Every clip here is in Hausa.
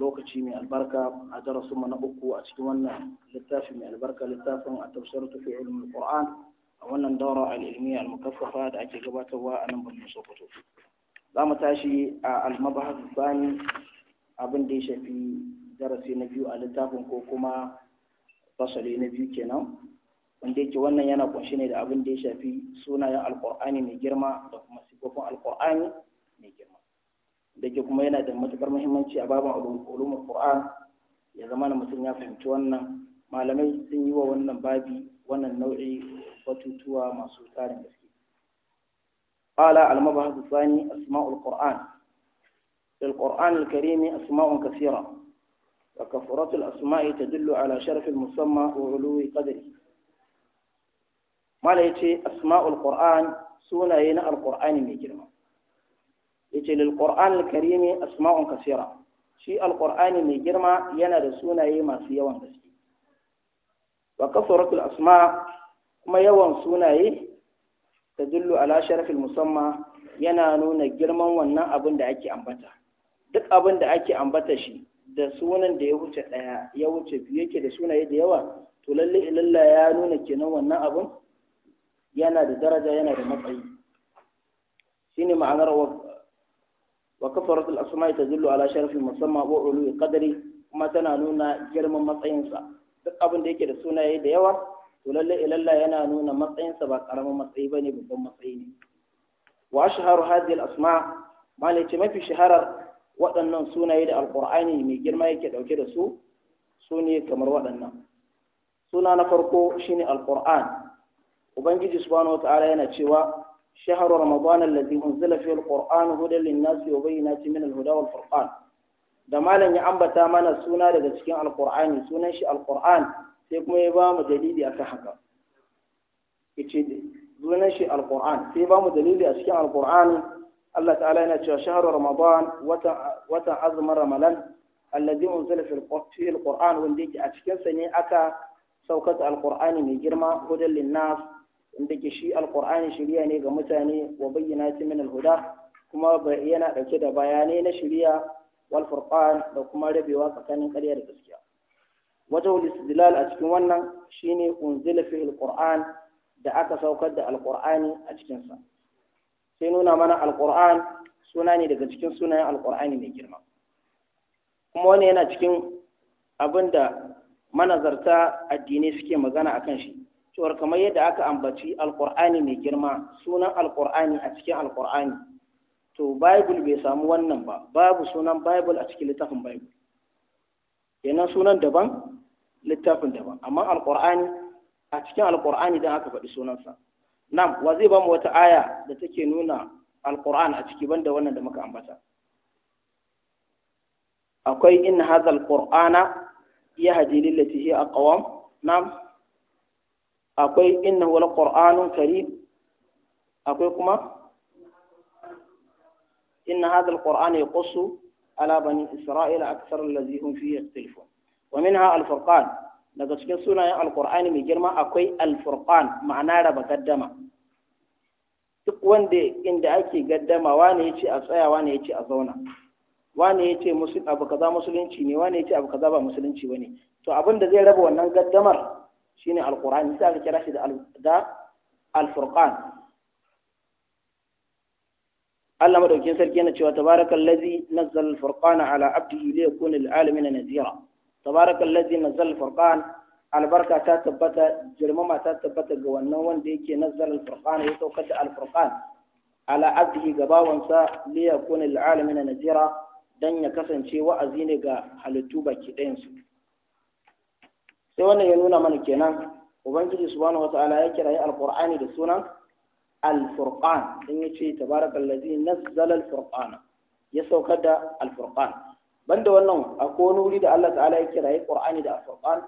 lokaci mai albarka a darasinmu na uku a cikin wannan littafi mai albarka littafin a tafsir tufi ilimin qur'an a wannan daura al'ilmi al-mukaffafa da ake gabatarwa a nan birnin sokoto za mu tashi a almabahas sani abin da ya shafi darasi na biyu a littafin ko kuma fasali na biyu kenan wanda yake wannan yana kunshi ne da abin da ya shafi sunayen alkur'ani mai girma da kuma sifofin alkur'ani da kuma yana da matukar muhimmanci a baban ulumul qur'an ya zama na mutum ya fahimci wannan malamai sun yi wa wannan babi wannan nau'i batutuwa masu tsarin gaske qala al mabahith thani asma'ul qur'an al qur'an al karim asma'un kaseera wa asma'i tadullu ala sharaf al musamma wa ulwi qadri mala asma'ul qur'an sunaye na al qur'ani mai girma yace lil qur'an asma'un kasira shi alqur'ani mai girma yana da sunaye masu yawan gaske wa kasratul asma kuma yawan sunaye tadullu ala sharafil musamma yana nuna girman wannan abin da ake ambata duk abin da ake ambata shi da sunan da ya wuce ɗaya ya wuce biyu yake da sunaye da yawa to lalle ilalla ya nuna kenan wannan abin yana da daraja yana da matsayi shine ma'anar wa kafaratul asma'i tadullu ala sharafi musamman wa ulul qadari kuma tana nuna girman matsayinsa duk abin da yake da sunaye da yawa to lalle ilalla yana nuna matsayinsa ba karamin matsayi bane babban matsayi ne wa ashharu hadhihi al-asma' malai mafi shaharar waɗannan sunaye da alqur'ani mai girma yake ɗauke da su sune kamar waɗannan suna na farko shine alqur'an ubangiji subhanahu wataala yana cewa شهر رمضان الذي أنزل فيه القرآن هدى للناس وبينات من الهدى والفرقان da malam ya ambata mana suna daga cikin alkur'ani sunan shi alkur'an sai kuma ya ba mu dalili akan haka yace sunan shi alkur'an sai ba mu dalili a cikin alkur'ani Allah ta'ala yana cewa shahru ramadan watan watan azumin ramadan allazi unzila fil qur'an wanda yake a cikin sa ne aka saukata alkur'ani mai girma hudan linnas inda ke shi alqur'ani shiriya ne ga mutane wa ta min alhuda kuma yana dauke da bayanai na shiriya wal furqan da kuma rabewa tsakanin ƙarya da gaskiya wajen istidlal a cikin wannan shine unzila fi alqur'an da aka saukar da alqur'ani a cikin sa sai nuna mana alqur'an suna ne daga cikin sunayen alqur'ani mai girma kuma wani yana cikin abin da manazarta addinai suke magana akan shi cewar kamar yadda aka ambaci alkur'ani mai girma sunan alkur'ani a cikin alkur'ani to bible bai samu wannan ba babu sunan bible a cikin littafin bible Yana sunan daban littafin daban amma alkur'ani a cikin alkur'ani don aka faɗi sunansa nan wa zai bamu wata aya da take nuna alkur'ani a ciki banda wannan da muka ambata akwai in hadha alqur'ana yahdi lillati hiya aqwam nam akwai innahu alqur'anun karim akwai kuma inna hadha alqur'ana yaqussu ala bani isra'ila aktsara allazi hum fihi yakhtalifun wa minha alfurqan daga cikin sunayen alqur'ani mai girma akwai alfurqan ma'ana raba gaddama duk wanda inda ake gaddama wane ya ce a tsaya wane ya ce a zauna wane ya ce abu kaza musulunci ne wane ya ce abu kaza ba musulunci ba ne to abin da zai raba wannan gaddamar shine alqur'ani sai aka kira shi da alfurqan Allah madaukin sarki yana cewa tabarakal ladzi nazzal alfurqana ala abdihi li yakuna lil alamin nadira tabarakal ladzi nazzal alfurqan albarka ta tabbata girmama ta tabbata ga wannan wanda yake nazzal alfurqana ya saukar da alfurqan ala abdihi gabawansa li yakuna lil alamin nadira dan ya kasance wa'azi ne ga halittu baki ɗayansu. su sai wannan ya nuna mana kenan ubangiji subhanahu wataala ya kirayi alqur'ani da sunan alfurqan din yace tabarakallazi nazzala alfurqana ya saukar da alfurqan banda wannan akwai wani wuri da Allah ta'ala ya kirayi qur'ani da alfurqan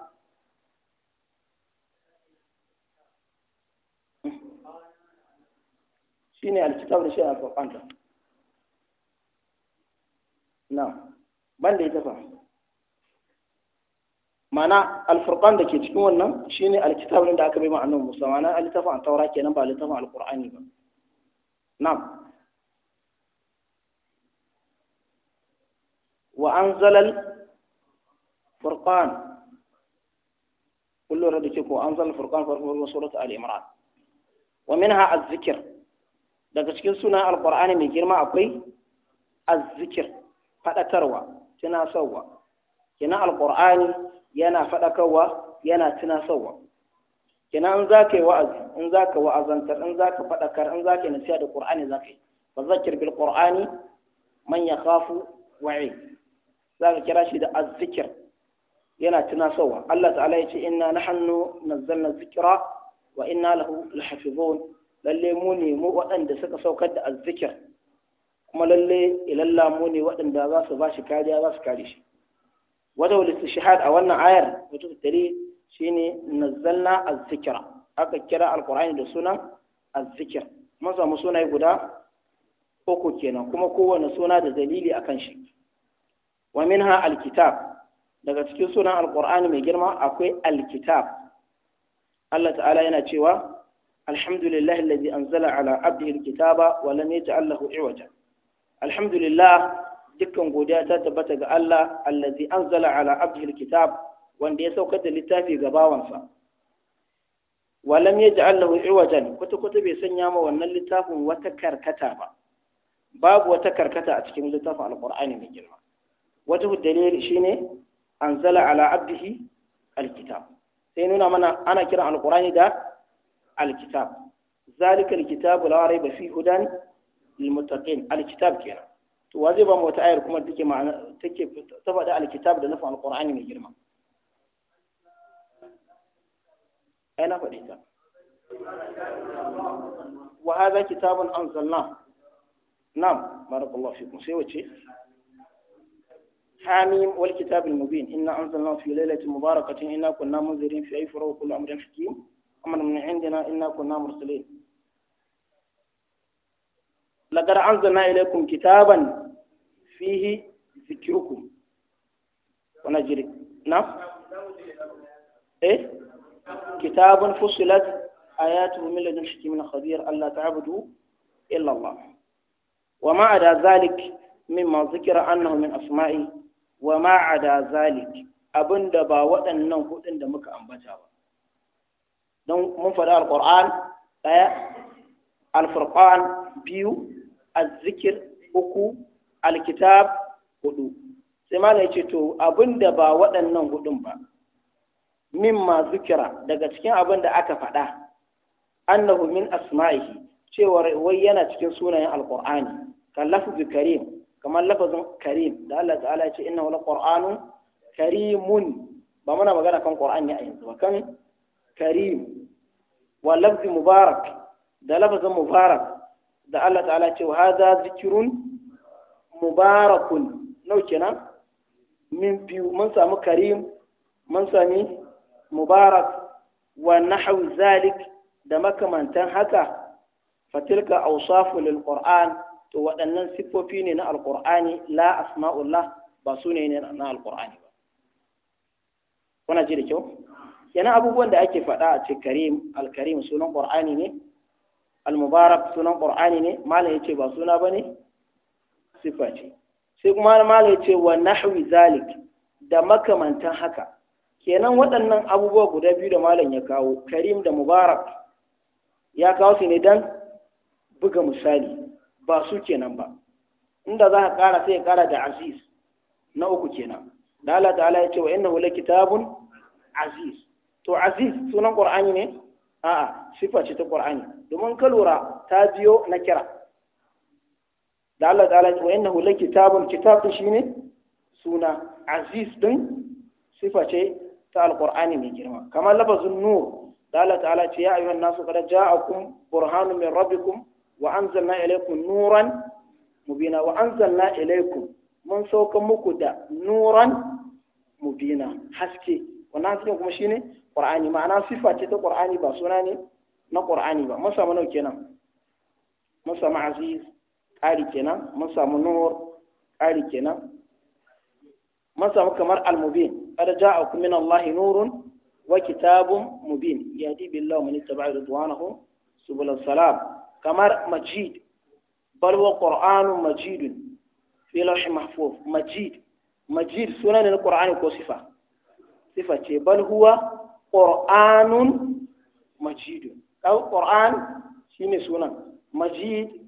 shine alkitab da shi alfurqan na banda ita fa mana alfurqan da ke cikin wannan shine alkitabun da aka bai ma annabi Musa mana an taura kenan ba littafin alqur'ani ba na'am wa anzala alfurqan kullu rada ke ko anzala alfurqan farko surat al-imran wa minha az-zikr daga cikin sunan alqur'ani mai girma akwai az-zikr fadatarwa tunasarwa Kina alqur'ani yana faɗakarwa yana tunasarwa kina in za ka yi wa'azi in za ka wa'azantar in za ka faɗakar in za ka yi nasiha da ƙur'ani za ka yi ba za bil ƙur'ani man ya kafu wa'i za ka kira shi da azzikir yana tunasowa Allah ta'ala ya ce inna na zanna zikra wa inna lahu lahafizun lalle mu ne mu waɗanda suka saukar da azzikir kuma lalle ilalla mu ne waɗanda za su ba shi kariya za su kare shi wata wal shahad a wannan ayar wato dare shine nazzalna az-zikra aka kira Al-Qur'ani da suna az zikir. mun samu sunaye guda uku kenan kuma kowane suna da dalili akan shi wa minha alkitab daga cikin sunan Al-Qur'ani mai girma akwai alkitab Allah ta'ala yana cewa alhamdulillahi alladhi anzala ala abdihi alkitaba wa lam yaj'al lahu iwaja alhamdulillah dukkan godiya ta tabbata ga Allah allazi anzala ala abdil kitab wanda ya saukar da littafi ga bawansa walam yaj'al lahu iwajan kwata kuta bai sanya ma wannan littafin wata karkata ba babu wata karkata a cikin littafin alqur'ani mai girma wata dalili shine anzala ala abdihi alkitab sai nuna mana ana kiran alqur'ani da alkitab zalika alkitabu la raiba fi hudan lilmuttaqin alkitab kenan to wa zai ba mu wata ayar kuma take ma'ana take ta faɗa alkitab da nufin alqur'ani mai girma ai na faɗi ta wa hadha kitabun anzalna na'am barakallahu fikum sai wace حاميم والكتاب المبين إنا أنزلناه في ليلة مباركة إنا كنا منذرين في أي فروع كل أمر حكيم أمر من عندنا إنا كنا مرسلين لقد أنزلنا إليكم كتابا fihi zikirkum wannan jiri eh kitabun fusilat ayatuhu min ladun hakimin khabir Allah ta'budu illa Allah wa ma ada zalik mimma zikira annahu min asma'i wa ma ada zalik abinda ba waɗannan hudun da muka ambata ba don mun faɗi alquran ɗaya alfurqan biyu azzikir uku alkitab hudu sai ne ce to abinda ba waɗannan hudun ba min ma zikira daga cikin abin da aka faɗa annahu min asma'ihi cewa wai yana cikin sunayen alqur'ani kan lafzu karim kamar lafazin karim da Allah ta'ala ya ce innahu alqur'anu karimun ba muna magana kan qur'ani a yanzu ba kan karim wa lafzi mubarak da lafazin mubarak da Allah ta'ala ce wa hadha zikrun mubarakun nau kenan min biyu mun samu karim mun sami mubarak wa zalik da makamantan haka fatilka awsafu lil qur'an to waɗannan siffofi ne na alqur'ani la asma'ullah ba su ne na alqur'ani ba kuna ji da kyau yana abubuwan da ake faɗa a cikin karim alkarim sunan qur'ani ne almubarak sunan qur'ani ne malam yace ba suna bane sifa ce sai kuma malai ce wa nahwi zalik da makamantan haka kenan waɗannan abubuwa guda biyu da malam ya kawo karim da mubarak ya kawo su ne don buga misali ba su kenan ba inda za ka ƙara sai ya ƙara da aziz na uku kenan da Allah ta'ala ya ce wa innahu kitabun aziz to aziz sunan qur'ani ne a'a sifa ce ta qur'ani domin ka ta biyo na kira da Allah ta'ala ce wa innahu lakitabun kitab shi ne suna aziz din sifa ce ta alqur'ani mai girma kamar lafazin nur da Allah ta'ala ce ya ayyuhan nasu qad ja'akum burhanun min rabbikum wa anzalna ilaykum nuran mubina wa anzalna ilaykum mun sauka muku da nuran mubina haske wannan haske kuma shine qur'ani ma'ana sifa ce ta qur'ani ba suna ne na qur'ani ba masa mana kenan masa ma'aziz ƙari kenan mun samu nur ƙari kenan mun samu kamar al-mubin qad ja'akum min allahi nurun wa kitabun mubin yahdi billahu min ittaba'a ridwanahu subul salam kamar majid bal wa qur'anun majid fi lawh mahfuz majid majid sunan al-qur'an ko sifa sifa ce bal huwa qur'anun majid qur'an shine sunan majid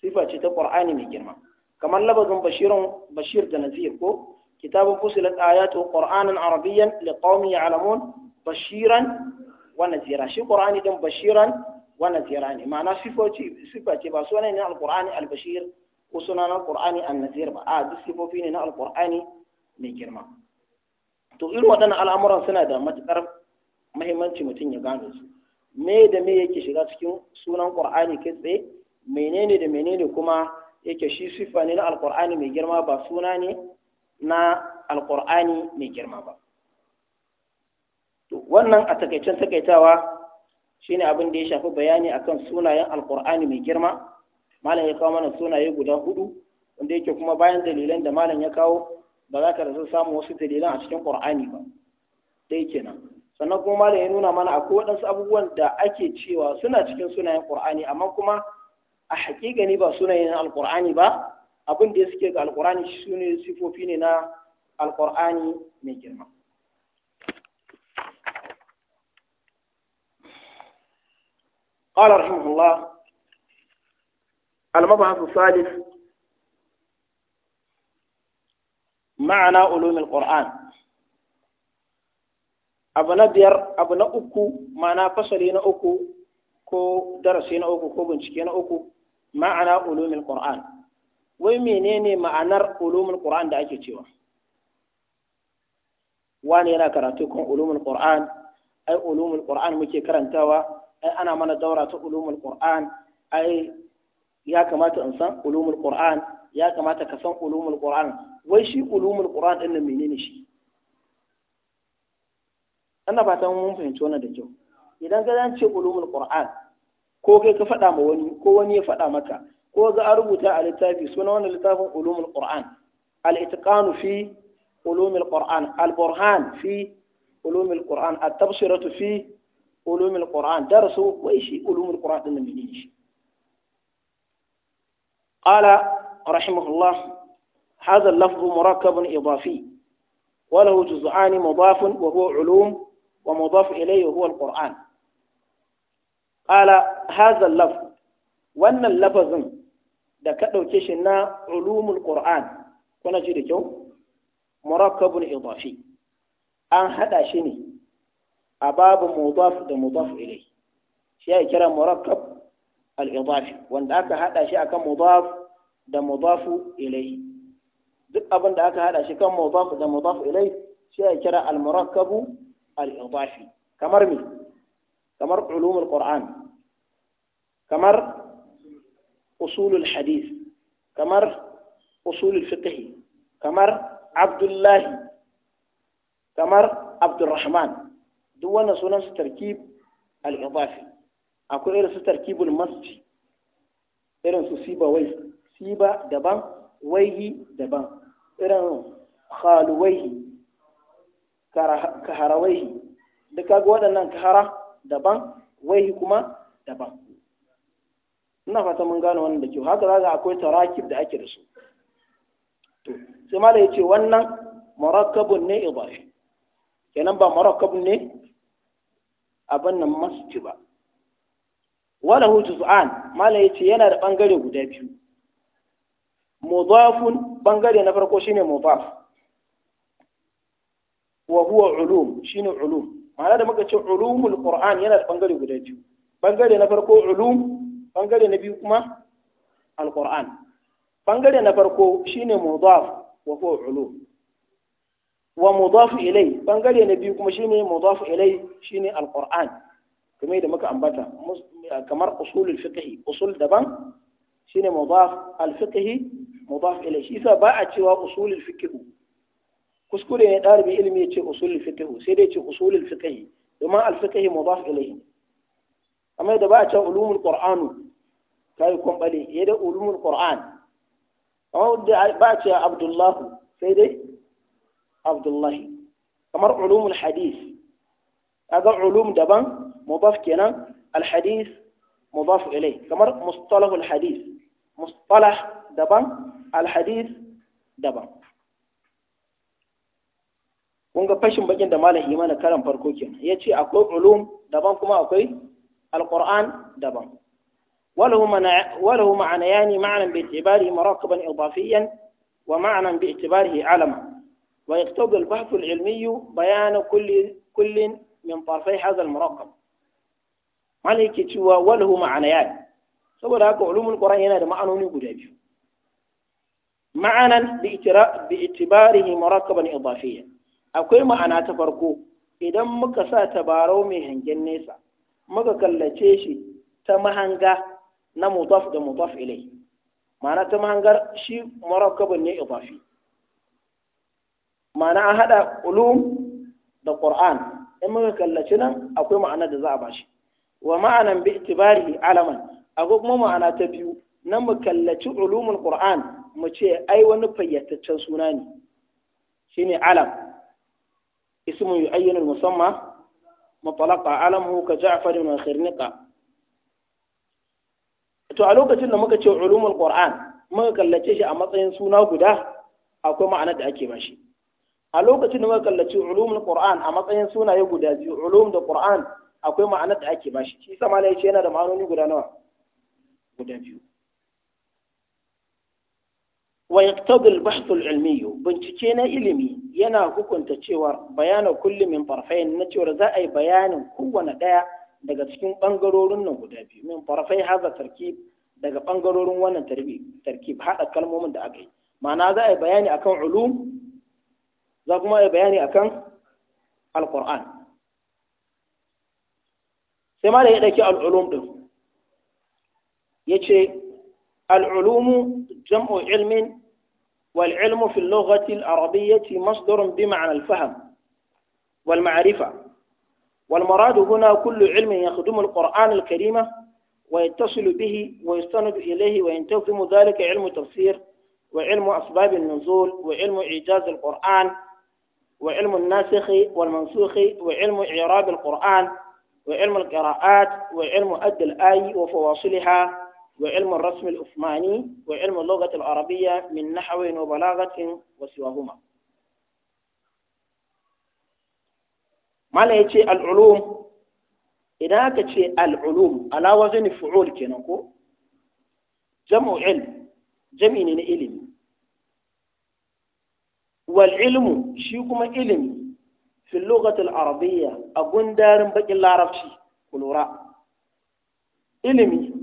sifa ce ta ƙur'ani mai girma kamar labazin bashirin bashir da nazir ko kitabun fusilat ayatu qur'anan arabiyyan liqaumin ya'lamun bashiran wa nazira shi qur'ani din bashiran wa nazira ne ma'ana sifoci sifa ce ba suna ne alqur'ani albashir ko na alqur'ani annazir ba a duk sifofi ne na alqur'ani mai girma to irin waɗannan al'amuran suna da matuƙar muhimmanci mutum ya gano su me da me yake shiga cikin sunan qur'ani kai tsaye menene da menene kuma yake shi siffa ne na alkur'ani mai girma ba suna ne na alkur'ani mai girma ba wannan a takaicen takaitawa shine abin da ya shafi bayani akan sunayen alkur'ani mai girma malam ya kawo mana sunaye guda hudu wanda yake kuma bayan dalilan da malam ya kawo ba za ka rasa samu wasu dalilan a cikin qur'ani ba dai kenan sannan kuma malam ya nuna mana akwai waɗansu abubuwan da ake cewa suna cikin sunayen ƙur'ani amma kuma a haƙiƙa ne ba sunayen alƙur'ani ba abin da suke ga alƙur'ani su ne sifofi ne na alƙur'ani mai girma قال رحمه الله المبحث الثالث معنى علوم القرآن abu na biyar abu na uku ma'ana fasali na uku ko darasi na uku ko bincike na uku ma'ana ulumul qur'an wai menene ma'anar ulumul qur'an da ake cewa wani yana karatu kan ulumul qur'an ai ulumul qur'an muke karantawa ai ana mana daura ta ulumul qur'an ai ya kamata in san ulumul qur'an ya kamata ka san ulumul qur'an wai shi ulumul qur'an din nan menene shi ana fatan mun fahimci wannan da kyau idan ga ce ulumul qur'an ko kai ka faɗa ma wani ko wani ya faɗa maka ko ga an rubuta a littafi suna wani littafin ulumul qur'an al-itqanu fi ulumul qur'an al-burhan fi ulumul qur'an at-tabsiratu fi ulumul qur'an darasu wai shi ulumul qur'an din menene shi qala rahimahullah هذا اللفظ مركب إضافي وله جزءان مضاف وهو علوم ومضاف إليه وهو القرآن ala hazal laf wannan lafazin da ka ɗauke shi na ulumul qur'an kuna ji da kyau murakkabun idafi an hada shi ne a babu mudaf da mudaf ilai shi ya kira murakkab al-idafi wanda aka hada shi akan mudaf da mudaf ilai duk abin da aka hada shi kan mudaf da mudaf ilai shi ya kira al-murakkabu al-idafi kamar me kamar ulumul qur'an kamar usulul hadith kamar usulul fiqh kamar abdullahi kamar abdurrahman duk wannan sunan su tarkib al akwai irin su tarkibul irin su siba wai siba daban waihi daban irin khaluwaihi kaharawaihi kaga waɗannan kahara daban wai kuma daban ina fata mun gane wannan da kyau haka zaga akwai tarakib da ake da su to sai malai ya ce wannan murakkabun ne idafi kenan ba murakkabun ne abin nan masjid ba wala hu juz'an malai ya ce yana da bangare guda biyu mudafun bangare na farko shine mudaf wa huwa ulum shine ulum ma'ana da muka ce ulumul qur'an yana da bangare guda biyu bangare na farko ulum bangare na biyu kuma alqur'an bangare na farko shine mudaf wa huwa ulum wa mudaf ilai bangare na biyu kuma shine mudaf ilai shine alqur'an kuma yadda muka ambata kamar usulul fiqh usul daban shine mudaf al-fiqh mudaf ilai shi ba a cewa usulul fiqh kuskure ne ɗalibi ilimi ya ce usulul fiqh sai dai ce usulul fiqh domin al fiqh mudaf ilayhi amma da ba a ce ulumul qur'anu kai kun bale ya da ulumul qur'an amma da ba a ce abdullahi sai dai abdullahi kamar ulumul hadith kaga ulum daban mudaf kenan al hadith mudaf ilayhi kamar mustalahul hadith mustalah daban al hadith daban kun ga fashin bakin da malam imani karan farko kenan ya ce akwai ulum daban kuma akwai alquran daban وله معنيان معنى باعتباره مراقبا إضافيا ومعنى باعتباره علما ويقتضي البحث العلمي بيان كل كل من طرفي هذا المراقب maliki cewa walahu ma'anayat saboda haka ulumul qur'an yana da ma'anoni guda biyu ma'anan bi itibarihi murakkaban idafiyyan akwai ma'ana ta farko idan muka sa tabarau mai hangen nesa muka kallace shi ta mahanga na mutaf da mutaf ilai ma'ana ta mahangar shi murakkabin ne idafi ma'ana an hada ulum da ƙor'an in muka kallaci nan akwai ma'ana da za a bashi wa ma'anan bi itibari alaman akwai kuma ma'ana ta biyu na mu kallaci ulumul ƙor'an mu ce ai wani fayyataccen suna ne shine alam اسم يعين المسمى مطلقا علمه كجعفر وخرنقة to a lokacin da muka ce ulumul qur'an muka kallace shi a matsayin suna guda akwai ma'anar da ake mashi a lokacin da muka kallace ulumul qur'an a matsayin sunaye guda biyu ulum da qur'an akwai ma'anar da ake mashi shi sama ne yana da ma'anoni guda nawa guda biyu wa البحث العلمي بنتكينا al ينا bincike na ilimi yana hukunta cewa bayanin kulli min farfayn na cewa za a yi bayanin kowane daya daga cikin bangarorin nan guda biyu min farfai haza tarkib daga bangarorin wannan tarkib haɗa kalmomin da aka yi ma'ana za a yi bayani akan ulum za kuma a yi bayani akan sai ma da ya al-ulum din yace العلوم جمع علم والعلم في اللغة العربية مصدر بمعنى الفهم والمعرفة والمراد هنا كل علم يخدم القرآن الكريم ويتصل به ويستند إليه وينتظم ذلك علم تفسير وعلم أسباب النزول وعلم إعجاز القرآن وعلم الناسخ والمنسوخ وعلم إعراب القرآن وعلم القراءات وعلم أد الآي وفواصلها وعلم الرسم العثماني وعلم اللغة العربية من نحو وبلاغة وسواهما ما لا يتي العلوم إذا كتي العلوم على وزن فعول كنكو جمع علم جمع علم والعلم شيكما علم في اللغة العربية أبن دار بك العربشي كل وراء علمي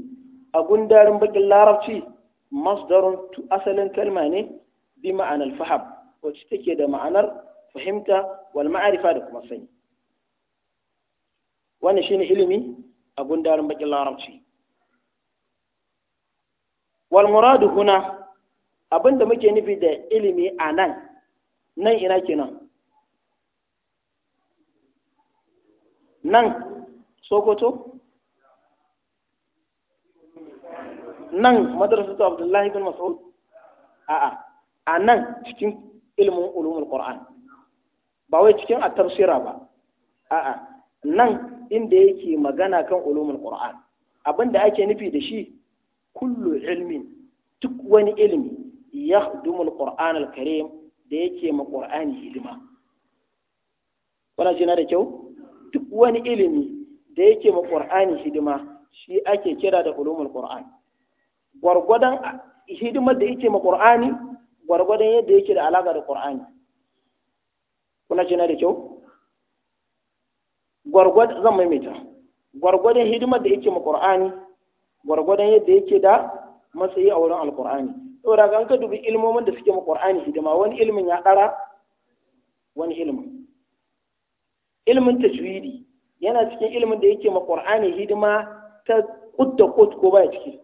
a gundarin bakin larabci masdarun asalin kalma ne bi ma'anar fahab wacce take da ma'anar fahimta wal ma'arifa da kuma sani wannan shine ilimi a gundarin bakin larabci wal muradu huna abinda muke nufi da ilimi a nan nan ina kenan nan sokoto nan madrasatu abdullahi bin mas'ud a'a a nan cikin ilmin ulumul qur'an ba wai cikin at-tafsira ba a'a nan inda yake magana kan ulumul qur'an abinda ake nufi da shi kullu ilmin duk wani ilmi yakhdumul qur'an al-karim da yake ma qur'ani hidima wannan jina da kyau duk wani ilimi da yake ma qur'ani hidima shi ake kira da ulumul qur'an gwargwadon hidimar da yake ma qur'ani gwargwadon yadda yake da alaka da Kur'ani. kuna ce na da kyau gwargwadon zan maimaita gwargwadon hidimar da yake ma gwargwadon yadda yake da matsayi a wurin alqur'ani saboda ga an ka dubi ilmomin da suke ma qur'ani hidima wani ilmin ya ɗara wani ilmin ilmin tajwidi yana cikin ilmin da yake ma qur'ani hidima ta ƙudda kut ko baya ciki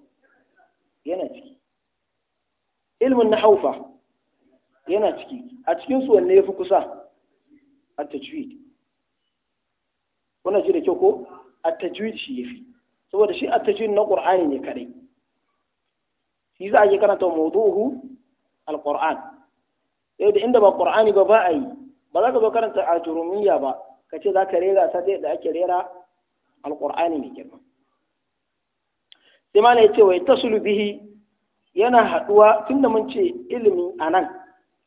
yana ciki ilmin na haufa yana ciki a cikinsu wanne ya fi kusa a tajwid wannan shi da kyau ko a tajwid shi ya fi saboda shi a tajwid na ƙur'ani ne kadai shi za a yi karanta mawdu'uhu al-qur'an yau da inda ba ƙur'ani ba ba a yi ba za ka zo karanta a ba ka ce za ka rera ta da ake rera al-qur'ani ne girma sai malam ce wai tasulu bihi yana haɗuwa tunda mun ce ilimi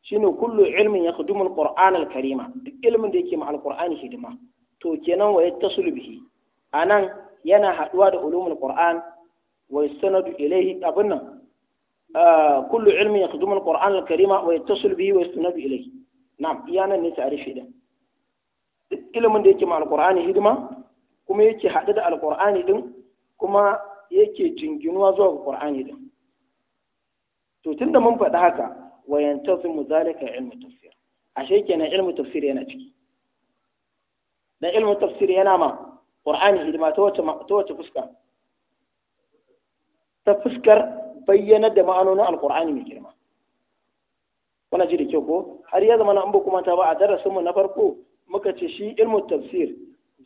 shi ne kullu ilmin yakhdumu alquran alkarima duk ilmin da yake ma alqur'ani hidima to kenan wai tasulu bihi a nan yana haɗuwa da ulumul qur'an wai sanadu ilaihi abin nan kullu ilmin yakhdumu alquran alkarima wai tasul bihi wai sanadu ilaihi na'am iya nan ne ta'arifi din duk ilimin da yake ma alqur'ani hidima kuma yake haɗu da alqur'ani din kuma yake jinginuwa zuwa ga Qur'ani din to tunda mun faɗi haka wa yantasimu zalika ilmu tafsir ashe kenan ilmu tafsir yana ciki Na ilmu tafsir yana ma Qur'ani hidima ta wace fuska ta fuskar bayyana da ma'anonin Alƙur'ani mai girma wannan ji da kyau ko har ya zama na an ba kuma ta ba a darasin mu na farko muka ce shi ilmu tafsir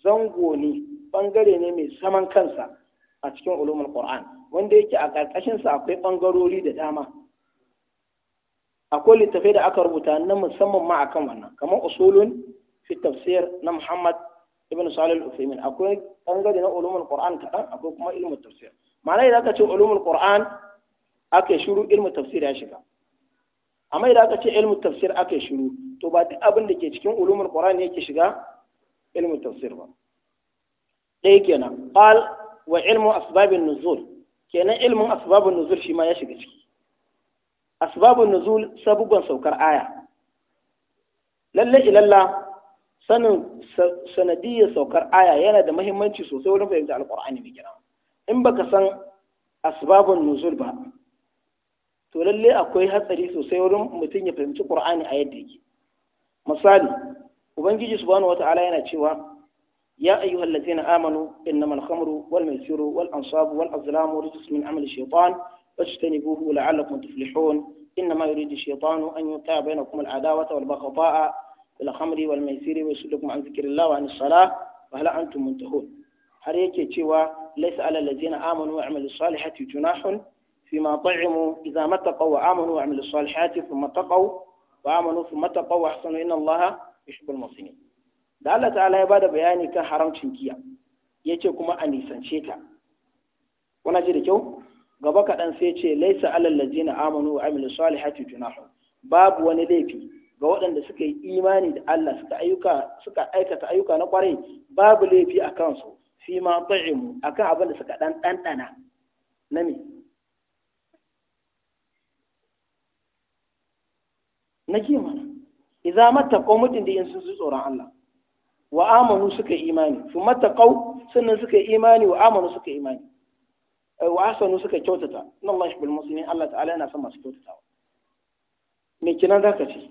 zango ne bangare ne mai saman kansa a cikin ulumul qur'an wanda yake a karkashin sa akwai bangarori da dama akwai littafai da aka rubuta na musamman ma akan wannan kamar usulun fi tafsir na muhammad ibn salih al uthaymeen akwai bangare na ulumul qur'an kaɗan akwai kuma ilmu tafsir ma'ana idan aka ce ulumul qur'an aka shiru ilmu tafsir ya shiga amma idan aka ce ilmu tafsir aka shiru to ba duk abin da ke cikin ulumul qur'an yake shiga ilmu tafsir ba ɗaya kenan qal wa ilmu asibabin nuzul kenan ilmin asibabin nuzul shi ma ya shiga ciki Asibabin nuzul sabubban saukar aya lalle ilalla sanin sanadiyyar saukar aya yana da mahimmanci sosai wurin fahimta alkur'ani mai in baka san asibabin nuzul ba to lalle akwai hatsari sosai wurin mutum ya fahimci qur'ani a yadda yake misali ubangiji subhanahu wata'ala yana cewa يا أيها الذين آمنوا إنما الخمر والميسر والأنصاب والأزلام رجس من عمل الشيطان فاجتنبوه لعلكم تفلحون إنما يريد الشيطان أن يوقع بينكم العداوة والبغضاء في الخمر والميسر ويصدكم عن ذكر الله وعن الصلاة فهل أنتم منتهون har yake ليس على الذين آمنوا وعملوا الصالحات جناح فيما طعموا إذا ما تقوا mattaqaw وعملوا الصالحات ثم تقوا وآمنوا ثم تقوا وأحسنوا إن الله يحب wa da Allah ta'ala ya bada bayani kan haramcin giya yace kuma a nisance ta kuna ji da kyau gaba kaɗan sai ce laisa alal ladina amanu wa amilu salihati junahu babu wani laifi ga waɗanda suka yi imani da Allah suka ayyuka suka aikata ayyuka na kwarai babu laifi a kansu fi ma ta'imu akan abin da suka dan dandana na me na kima idza ko mutun da in sun tsoron Allah wa amanu suka imani su mattaqau sannan suka imani wa amanu suka imani eh, wa asanu suka kyautata inna Allah yuhibbul muslimin Allah ta'ala yana son masu kyautatawa me kinan ka ce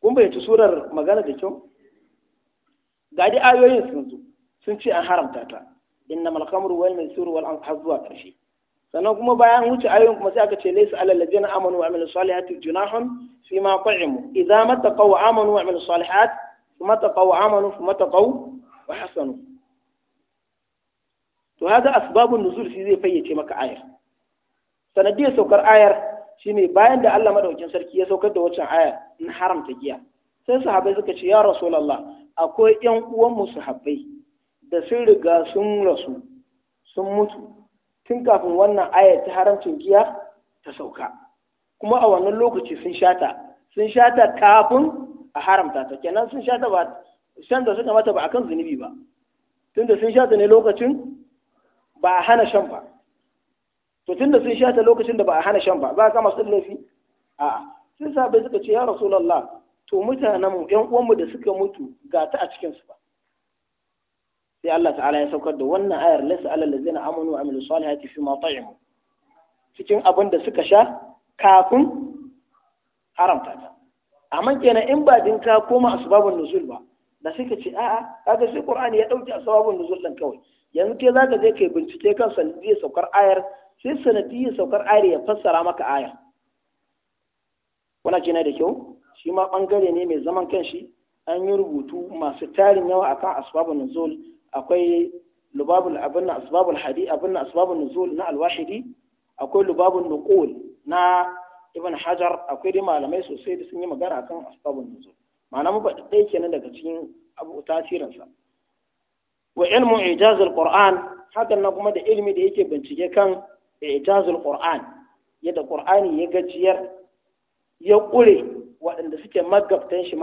kun ta surar magana da kyau ga dai ayoyin sun zo sun ce an haramta ta inna khamru wal maisir wal anhaz zuwa karshe sannan kuma bayan wuce ayoyin kuma sai aka ce laysa alal ladina amanu wa amilu salihati junahun fi ma qa'imu idza mattaqaw amanu wa amilu salihat kuma taqaw amanu kuma taqaw wa hasanu to hada asbabun nuzul shi zai fayyace maka ayar sanadiyar saukar ayar shine bayan da Allah madaukakin sarki ya saukar da waccan ayar in haramta giya sai sahabbai suka ce ya rasulullah akwai yan uwan mu sahabbai da sun riga sun rasu sun mutu tun kafin wannan aya ta haramcin giya ta sauka kuma a wannan lokaci sun shata sun shata kafin a haramta ta kenan sun shata ba shan da suka mata ba akan zunubi ba tunda sun shata ne lokacin ba a hana shan ba to tunda sun shata lokacin da ba a hana shan ba za a kama su laifi a'a sun sabai suka ce ya rasulallah to mutanen mu yan uwanmu da suka mutu ga ta a cikin su ba sai Allah ta'ala ya saukar da wannan ayar laysa alal ladzina amanu wa amilus salihati fi ma ta'imu cikin abin da suka sha kafin haramta ta amma kenan in ba binka koma asbabun nuzul ba da suka ce a'a kaga sai Qur'ani ya dauki asbabun nuzul din kawai yanzu ke zaka je kai bincike kan sanadiyya saukar ayar sai sanadiyya saukar ayar ya fassara maka ayar wannan kenan da kyau shi ma bangare ne mai zaman kanshi an yi rubutu masu tarin yawa akan asbabun nuzul akwai lubabul abinna asbabul hadi abinna asbabul nuzul na alwahidi akwai lubabul nuqul na ibn hajar akwai dai malamai sosai da sun yi magana akan asbabul nuzul ma'ana mu faɗi ɗaya kenan daga cikin abu tasirinsa wa ilmu ijazul qur'an hakan nan kuma da ilmi da yake bincike kan ijazul qur'an yadda qur'ani ya gajiyar ya ƙure waɗanda suke magabtan shi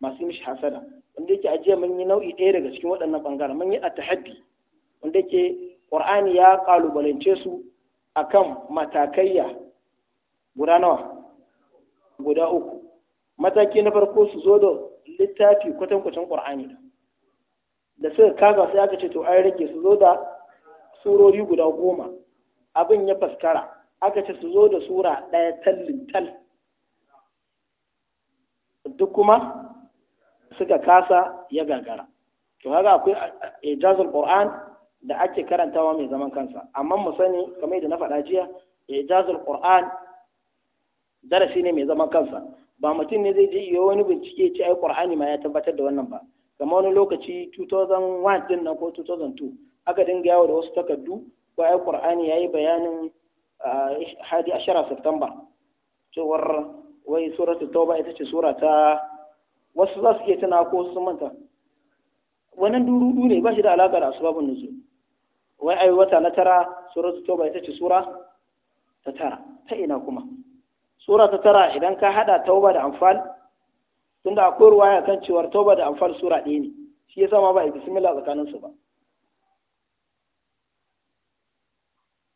masu mishi hasada wanda yake ajiya mun yi nau'i ɗaya daga cikin waɗannan ɓangaren mun yi a tahaddi wanda yake ƙur'ani ya ƙalubalance su a kan matakaiya guda nawa guda uku mataki na farko su zo da littafi kwatankwacin ƙur'ani da suka kaga sai aka ce to an rage su zo da surori guda goma abin ya faskara aka ce su zo da sura ɗaya tallin tal duk kuma suka kasa ya gagara to haka akwai ijazul qur'an da ake karantawa mai zaman kansa amma mu sani kamar yadda na faɗa jiya ijazul qur'an darasi ne mai zaman kansa ba mutum ne zai je yi wani bincike ce ai qur'ani ma ya tabbatar da wannan ba kamar wani lokaci 2001 din nan ko 2002 aka dinga yawo da wasu takardu ko ai qur'ani yayi bayanin ah, hadi 10 september cewar wai suratul tauba ita ce sura ta wasu za su iya tana ko sun manta wannan durudu ne ba shi da alaƙa da asbabun nuzul wai ai wata na tara suratul tauba ita ce sura ta tara ta ina kuma sura ta tara idan ka hada tauba da amfal tunda akwai ruwaya kan cewar tauba da amfal sura ɗaya ne shi ya sama ba a bismillah tsakanin su ba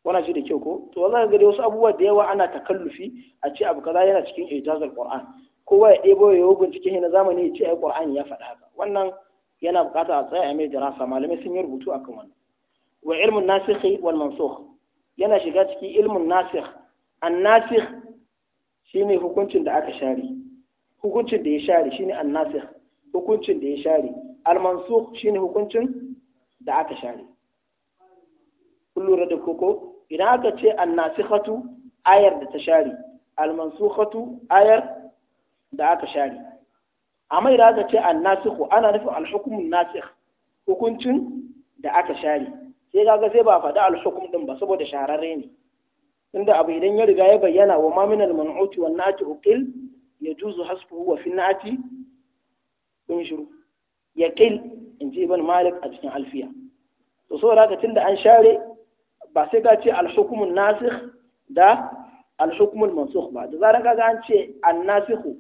wannan shi da kyau ko to wannan ga wasu abubuwa da yawa ana takallufi a ce abu kaza yana cikin ijazul qur'an kowa ya ɗebo ya yi bincike na zamani ya ce ai qur'ani ya faɗa haka wannan yana buƙatar a tsaya a mai jarasa. malamai sun yi rubutu kan wannan wa ilmun nasikhi wal mansukh yana shiga ciki ilmun nasikh an nasikh shine hukuncin da aka share hukuncin da ya share shine an nasikh hukuncin da ya share al mansukh shine hukuncin da aka share kullu da koko idan aka ce an nasikhatu ayar da ta share al mansukhatu ayar da aka share amma idan aka ce an annasihu ana nufin alhukumun nasih hukuncin da aka share sai kaga sai ba faɗi alhukum din ba saboda shahararre ne inda abu idan ya riga ya bayyana wa maminal min al-man'uti wan na'ti uqil yajuzu hasbuhu wa fi na'ti kun shiru yaqil in ji ibn malik a cikin alfiya to saboda haka tunda an share ba sai ka ce alhukumun nasih da alhukumul mansukh ba da zaran kaga an ce annasihu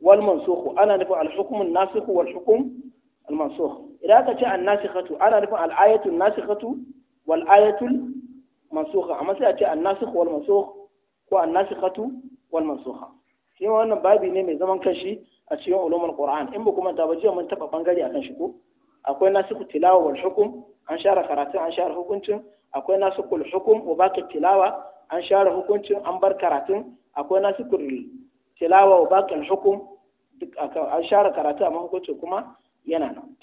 wal mansukh ana nufin al hukm an nasikh idan aka ce an nasikhatu ana nufin al ayatu an nasikhatu amma sai a ce an nasikh wal ko an nasikhatu wal mansukha shi wannan babi ne mai zaman kanshi a cikin ulumul qur'an in ba kuma ta ba jiya mun taba bangare akwai nasikhu tilawa wal an share karatun an share hukuncin akwai nasikul hukum wa tilawa an share hukuncin an bar karatun akwai tilawa wa bakin hukum duk an share karatu amma hukunci kuma yana nan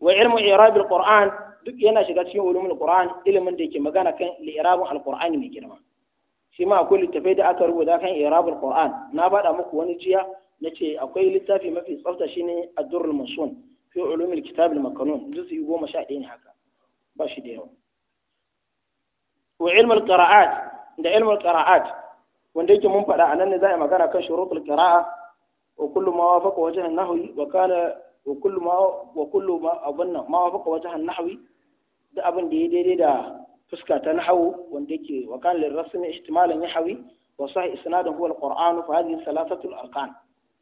wa ilmu irabil ƙuran duk yana shiga cikin ulumul alquran ilimin da yake magana kan li'irabun alqur'ani mai girma shi ma akwai littafai da aka rubuta kan irabul qur'an na bada muku wani jiya nace akwai littafi mafi tsafta shine ad-durrul masun fi ulumul kitab al-makanun juz'i 11 ne haka ba shi da yawa wa ilmul alqira'at da ilmul alqira'at wanda yake mun faɗa anan ne za a yi magana kan shurutul qira'a wa kullu ma wafaqa wajha an-nahwi wa kana wa kullu ma wa kullu ma abunna ma wafaqa wajha an-nahwi da abin da ya daidai da fuska ta nahwu wanda yake wa kana lirrasmi ihtimalan yahwi wa sahi isnadun huwa al-qur'an fa hadhihi thalathatu al arkan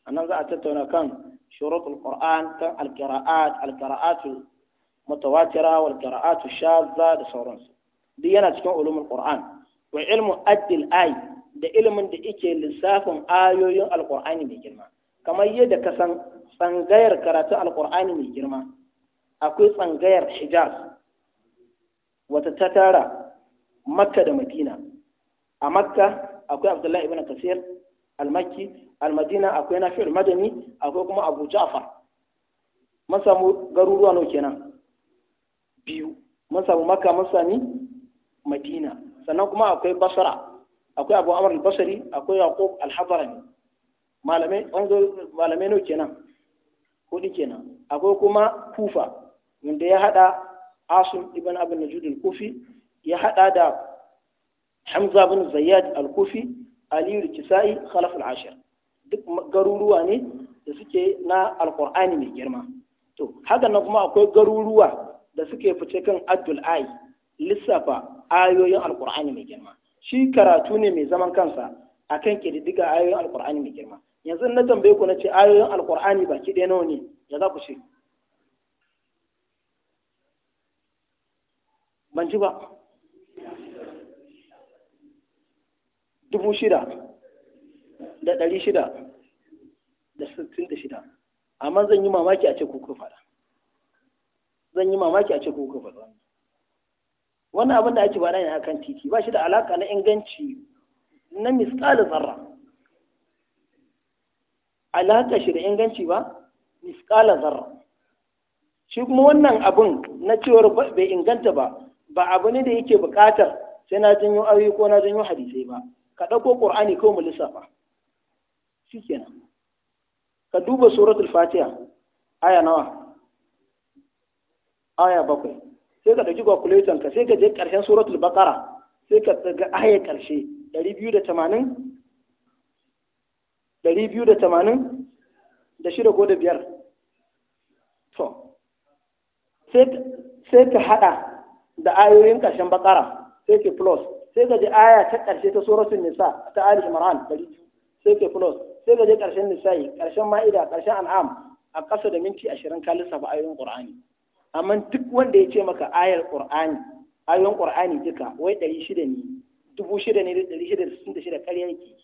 anan za a tattauna kan shurutul qur'an kan al-qira'at al-qira'atul mutawatira wal qira'atul shadza da sauransu duk yana cikin ulumul qur'an wa ilmu addil ay da ilimin da yake lissafin ayoyin alkur'ani mai girma kamar yadda ka san tsangayar karatu alkur'ani mai girma akwai tsangayar hijaz wata ta tara makka da madina a makka akwai abdullahi ibn kasir almakki almadina akwai nafi'ul madani akwai kuma abu ja'far mun samu garuruwa nau kenan biyu mun samu makka mun sami madina sannan kuma akwai basra akwai abu amr Basari, akwai yaqub al malamai ne kenan hudu kenan akwai kuma kufa wanda ya hada asim ibn abin najud al-kufi ya hada da hamza bin zayyad al-kufi aliyu da kisai khalaf ashir duk garuruwa ne da suke na alqur'ani mai girma to haka nan kuma akwai garuruwa da suke fice kan abdul ai lissafa ayoyin alqur'ani mai girma shi karatu ne mai zaman kansa a kan kididdiga ayoyin alkur'ani mai girma yanzu na tambaye ku na ce ayoyin alkur'ani baki ɗaya nawa ne ya za ku ce ban ji ba dubu shida da ɗari shida da sittin da shida amma zan yi mamaki a ce kuka faɗa zan yi mamaki a ce kuka faɗa wannan abin da ake ba ne akan titi ba shi da alaka na inganci na misqala zarra alaka shi da inganci ba misqala zarra shi kuma wannan abin na cewar bai inganta ba ba abu ne da yake buƙatar sai na janyo aure ko na janyo hadisai ba ka ɗauko ƙur'ani ko mu lissafa shikenan ka duba suratul fatiha aya nawa aya bakwai sai ka ɗauki calculator ka sai ka je ƙarshen suratul baqara sai ka ga aya ƙarshe 280 da shida ko biyar to sai ka hada da ayoyin ƙarshen bakara sai ke plus sai ka je aya ta ƙarshe ta suratul nisa ta ali imran dari sai ka plus sai ka je ƙarshen nisa'i ƙarshen ma'ida ƙarshen an'am a ƙasa da minti ashirin ka lissafa ayoyin qur'ani amma duk wanda ya ce maka ayar qur'ani ayoyin qur'ani duka wai ɗari shida ne shida ne da da shida ƙarya yake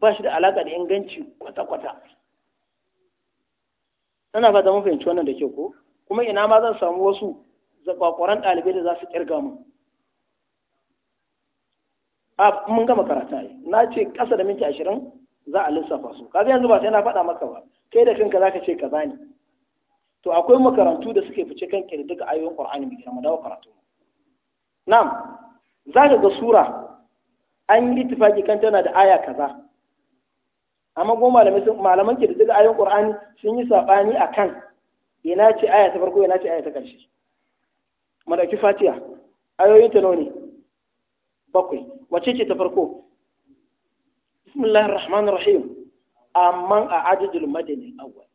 ba shi da alaƙa da inganci kwata-kwata ana fata mun fahimci wannan da ke ko kuma ina ma zan samu wasu zakwakuran ɗalibai da za su ƙirga mu a mun gama karata yi na ce ƙasa da minti ashirin za a lissafa su kaga yanzu ba sai na faɗa maka ba kai da kanka za ka ce kaza ne to akwai makarantu da suke fice kan duka ayoyin ƙur'ani mai girma dawo karatu na'am za ka ga sura an yi tafaki kan tana da aya kaza amma kuma malaman duka ayoyin qur'ani sun yi saɓani a kan ina ce aya ta farko ina ce aya ta ƙarshe madaki Fatiya ayoyin ta nawa ne bakwai wace ce ta farko bismillahir rahmanir rahim amman a adadul madani awwal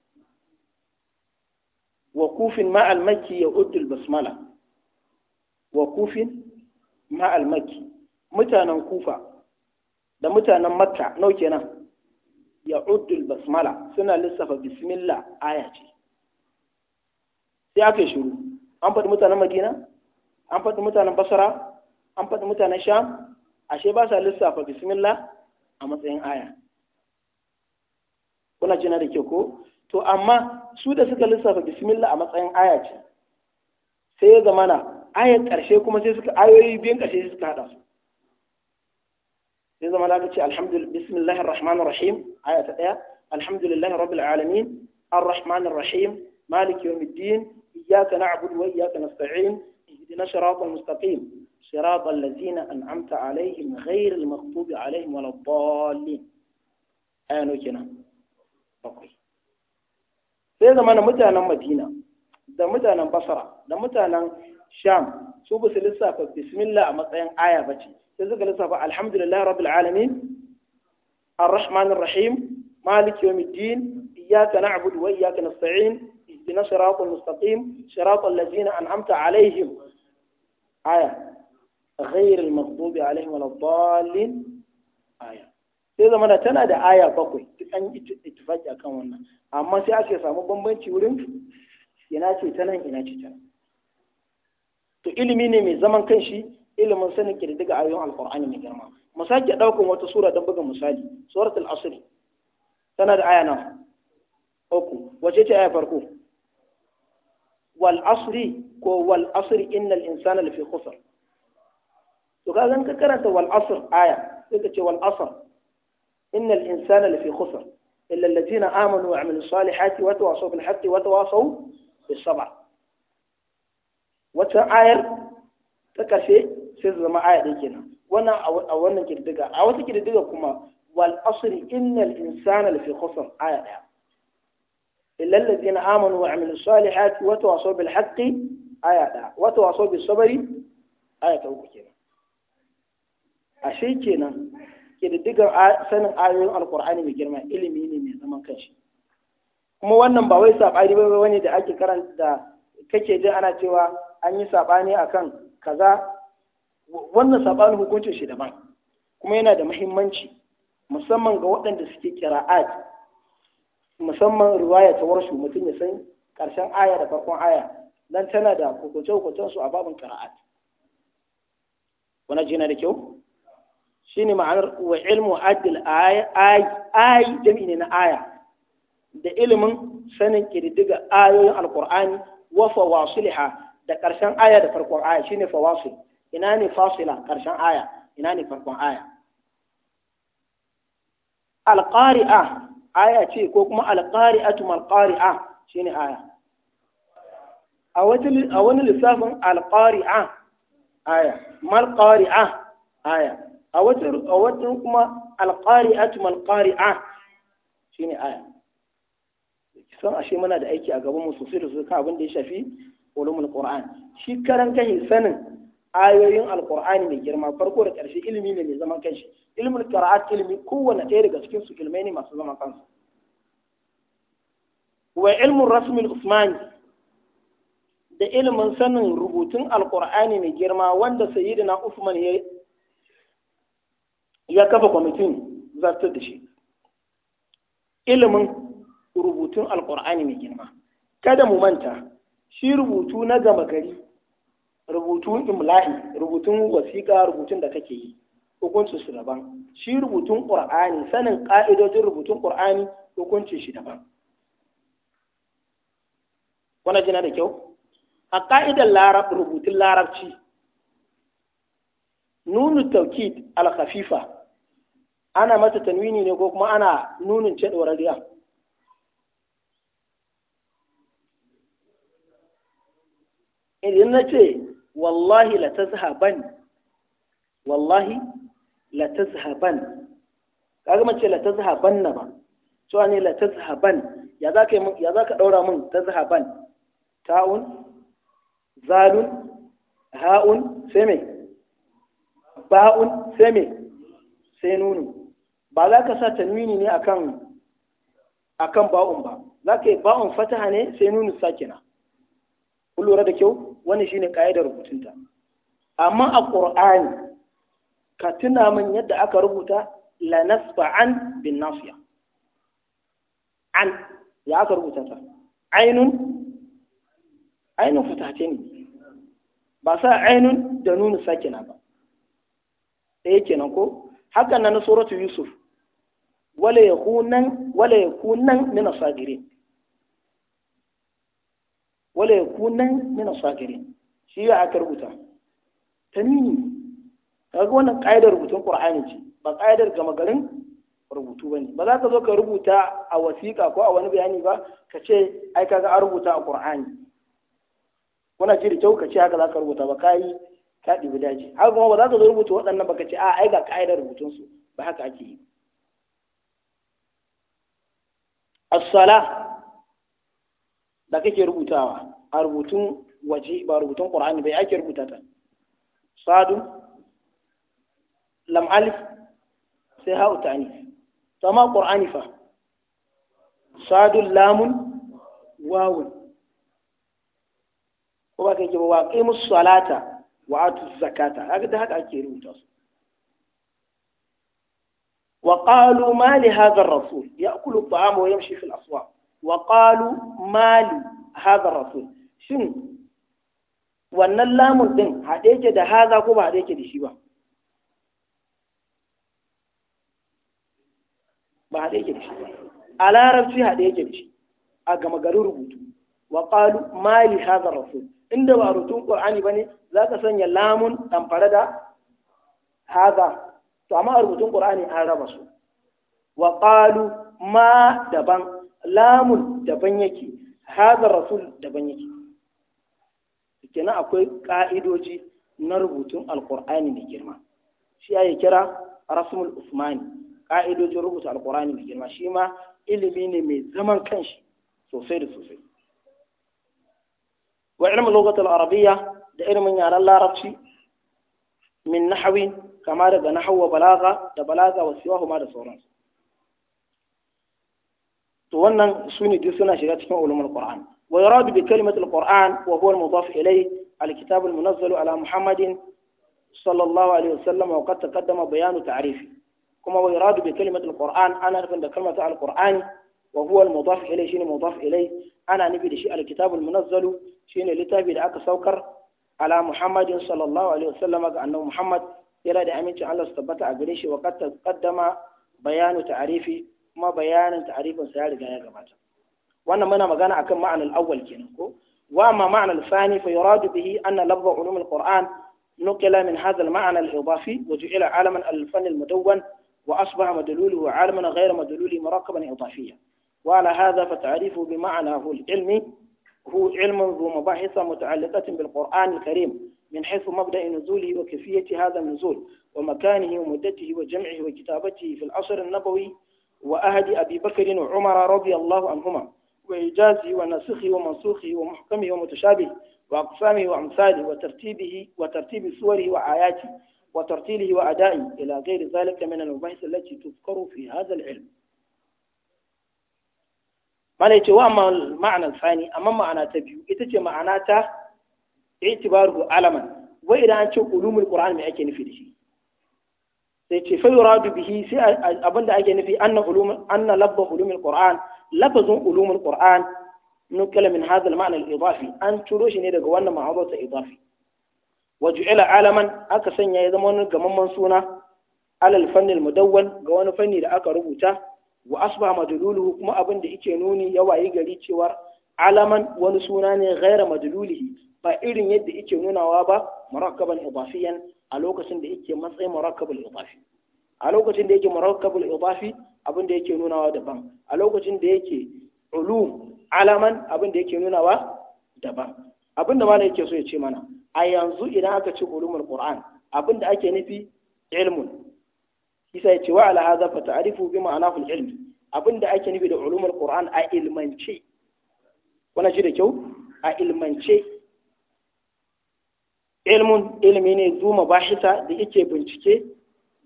wa kufin ya uddul basmala wa kufin mutanen kufa da mutanen makka nau kenan ya uddul basmala suna lissafa bismillah aya sai aka yi shiru an faɗi mutanen madina an faɗi mutanen basra an faɗi mutanen sham ashe basa sa lissafa bismillah a matsayin aya kuna jina da ke ko to amma su da suka lissafa bismillah a matsayin aya ce sai ya zamana ayar ƙarshe kuma sai suka ayoyi biyan ƙarshe suka haɗa su sai zamana ka ce alhamdulillah bismillahir rahmanir rahim aya ta ɗaya alhamdulillah rabbil alamin arrahmanir rahim مالك yawmiddin iyyaka na'budu wa iyyaka nasta'in ihdina صراط المستقيم صراط الذين أنعمت عليهم غير المغضوب عليهم ولا الضالين آنو كنا أوكي sai zama na mutanen madina da mutanen basra da mutanen sham su ba su lissafa bismillah a matsayin aya ba ce sai suka lissafa alhamdulillah rabbil alamin maliki arrahim malik yawmiddin iyyaka na'budu wa iyyaka nasta'in ihdina siratal mustaqim siratal ladzina an'amta alaihim aya غير المغضوب عليهم ولا الضالين aya. sai zamana tana da aya bakwai duk an yi ittifaki akan wannan amma sai ake samu bambanci wurin ina ce ta nan ina ce ta to ilimi ne mai zaman kanshi ilimin sanin kirdiga ayoyin alkur'ani mai girma mu sake daukan wata sura don buga misali suratul asr tana da aya nawa uku wace ce aya farko wal asri ko wal asri innal insana lafi khusr to ka zan ka karanta wal asr aya sai ka ce wal asr إن الإنسان لفي خسر إلا الذين آمنوا وعملوا الصالحات وتواصوا بالحق وتواصوا بالصبع وتعاير تكفي سر ما عاير لكنا وانا اولا كردقا اولا كردقا كما والأصل إن الإنسان لفي خسر عاير إلا الذين آمنوا وعملوا الصالحات وتواصوا بالحق عاير وتواصوا بالصبر عاير كوكينا أشيكينا ƙididdigar sanin ayoyin alkur'ani mai girma ilimi ne mai zaman kanshi kuma wannan ba wai saɓani ba wani da ake karanta kake jin ana cewa an yi saɓani a akan kaza wannan saɓani hukuncin shi daban kuma yana da muhimmanci musamman ga waɗanda suke kira'at musamman riwaya ta warshu mutum ya san ƙarshen aya da farkon aya dan tana da hukunce-hukuncen su a babin kira'at wani jina da kyau shine ma'anar wa ilmu adil ay jami ne na aya da ilimin sanin kirdiga ayoyin alkur'ani wa fawasiliha da karshen aya da farkon aya shine fawasil ina ne fasila karshen aya ina ne farkon aya alqari'a aya ce ko kuma alƙari'atu malƙari'a shine aya a wani lissafin alqari'a aya malƙari'a aya a watan kuma alƙari'atu malƙari'a shi ne aya san ashe muna da aiki a gaban mu sosai da sosai kan abin da ya shafi ulumul qur'an shi karan kai sanin ayoyin alqur'ani mai girma farko da ƙarshe ilimi ne mai zaman kanshi ilmul qira'at ilimi kowanne ɗaya daga cikin su ilmai ne masu zaman kansu wa ilmul rasmul usmani da ilimin sanin rubutun alqur'ani mai girma wanda sayyidina usman ya ya kafa kwamitin zartar da shi ilimin rubutun alkur'ani mai girma kada mu manta shi rubutu na gama gari rubutun imla'i rubutun wasiƙa rubutun da kake yi hukuncin su daban shi rubutun ƙur'ani sanin ƙa'idojin rubutun ƙur'ani hukuncin shi daban Wani jina da kyau a ƙa'idar rubutun larabci nunu taukid al-khafifa ana mata tanwini ne ko kuma ana nunin ce ɗorariya idan na ce wallahi la tazhaban wallahi la tazhaban kaga mace la tazhaban na ba cewa ne la tazhaban ya za ka ya za ka daura mun tazhaban ta'un zalun ha'un sai me ba'un sai me sai nunu ba za ka sa tanwini ne akan akan ba'un ba za ka yi ba'un fataha ne sai nunu sakina kun lura da kyau wani shine ka'idar rubutunta amma a qur'ani ka tuna min yadda aka rubuta la nasfa an bin nafiya an ya aka rubuta ta ainun ainun fatace ne ba sa ainun da nunu sakina ba ɗaya kenan ko hakan na suratu yusuf wala yakunan wala yakunan min asagirin wala yakunan min asagirin shi ya aka rubuta ka kaga wannan ƙa'idar rubutun qur'ani ce ba ƙa'idar gama garin rubutu bane ba za ka zo ka rubuta a wasiƙa ko a wani bayani ba ka ce ai kaga an rubuta a qur'ani kuna ji da kyau ka ce haka za ka rubuta ba ka yi ka ɗibi daji haka kuma ba za ka zo rubuta waɗannan ba ka ce a ai ga ƙa'idar rubutunsu ba haka ake yi Asala da kake rubutawa a rubutun waje ba rubutun qur'ani bai ake rubuta ta sadu lam sai ha'u ta'anis sama qur'ani fa sadu lamun wawun ko ba kai ke ba wa salata zakata haka da haka ake rubuta وقالوا ما لهذا الرسول يأكل الطعام ويمشي في الأسواق وقالوا ما لهذا الرسول شن wannan lamun ɗin haɗe yake da haza ko ba haɗe yake da shi ba ba haɗe yake da a larabci haɗe yake da shi a gama garin rubutu wa qalu ma li inda ba rutun qur'ani bane zaka sanya lamun dan da haza to amma a rubutun qur'ani an raba su wa ƙalu ma daban lamun daban yake hada rasul daban yake kenan akwai ƙa'idoji na rubutun Alƙur'ani da girma shi ya kira rasmul usmani ƙa'idojin rubuta Alƙur'ani da girma shi ma ilimi ne mai zaman kanshi sosai da sosai wa ilmin lokacin arabiya da ilimin yaren larabci min nahawi kama daga nahwu wa balaga da balaga wa siwahu ma da sauransu to wannan sune duk suna shiga cikin ulumul qur'an wa yuradu bi kalimatil qur'an wa huwa al-mudaf ilayhi al-kitab al-munazzal ala muhammadin sallallahu alaihi wasallam wa qad taqaddama bayanu ta'rifi kuma wa yuradu bi kalimatil qur'an ana nufin da kalmata al-qur'ani wa huwa al-mudaf ilayhi shine mudaf ilayhi ana nufi da shi al-kitab al-munazzal shine littafi da aka saukar ala muhammadin sallallahu alaihi wasallam ga annabi muhammad yana da amincin Allah su tabbata a gare shi wa kaddama bayanu ta'arifi kuma bayanin ta'arifin sa ya riga ya gabata wannan muna magana akan ma'an al-awwal kenan ko wa ma ma'an al-thani fa yuradu bihi anna labba ulum al-Qur'an nuqila min hadha al-ma'an al-idafi wa ju'ila 'alaman al-fann al-mudawwan wa asbaha madluluhu 'alaman ghayra madluluhu muraqaban idafiyya wa ala hadha fa ta'rifu bi ma'anahu al-ilmi هو علم ذو مباحث متعلقة بالقرآن الكريم من حيث مبدأ نزوله وكيفية هذا النزول ومكانه ومدته وجمعه وكتابته في العصر النبوي وأهد أبي بكر وعمر رضي الله عنهما وإيجازه ونسخه ومنسوخه ومحكمه ومتشابهه وأقسامه وأمثاله وترتيبه وترتيب سوره وآياته وترتيله وأدائه إلى غير ذلك من المباحث التي تذكر في هذا العلم ما ليتوا معنى المعنى الثاني أما معنى تبيو إتتي معناته i'tibaru alaman wai idan an ce ulumul ƙur'an me ake nufi da shi sai ce fa yuradu bihi sai abinda ake nufi anna ulum anna labba ulumul qur'an lafazun ulumul qur'an nukala min hadha al-ma'na an turo shi ne daga wannan ma'ana ta idafi wa alaman aka sanya ya zama ga gamamman suna alal fannin al-mudawwan ga wani fanni da aka rubuta wa'asba asbaha madluluhu kuma abin da yake nuni ya wayi gari cewa alaman wani suna ne gaira madlulihi ba irin yadda yake nunawa ba murakkaban idafiyan a lokacin da yake matsayin murakkabul idafi a lokacin da yake murakkabul idafi abin da yake nunawa daban a lokacin da yake ulum alaman abin da yake nunawa daban abin da ma yake so ya ce mana a yanzu idan aka ci ulumul qur'an abin da ake nufi ilmun isa ya ce wa ala hadha fa ta'rifu bi ma'anahul ilm abin da ake nufi da ulumul qur'an a ilmance wannan shi da kyau a ilmance ilmun ilmi ne zuma bahita da yake bincike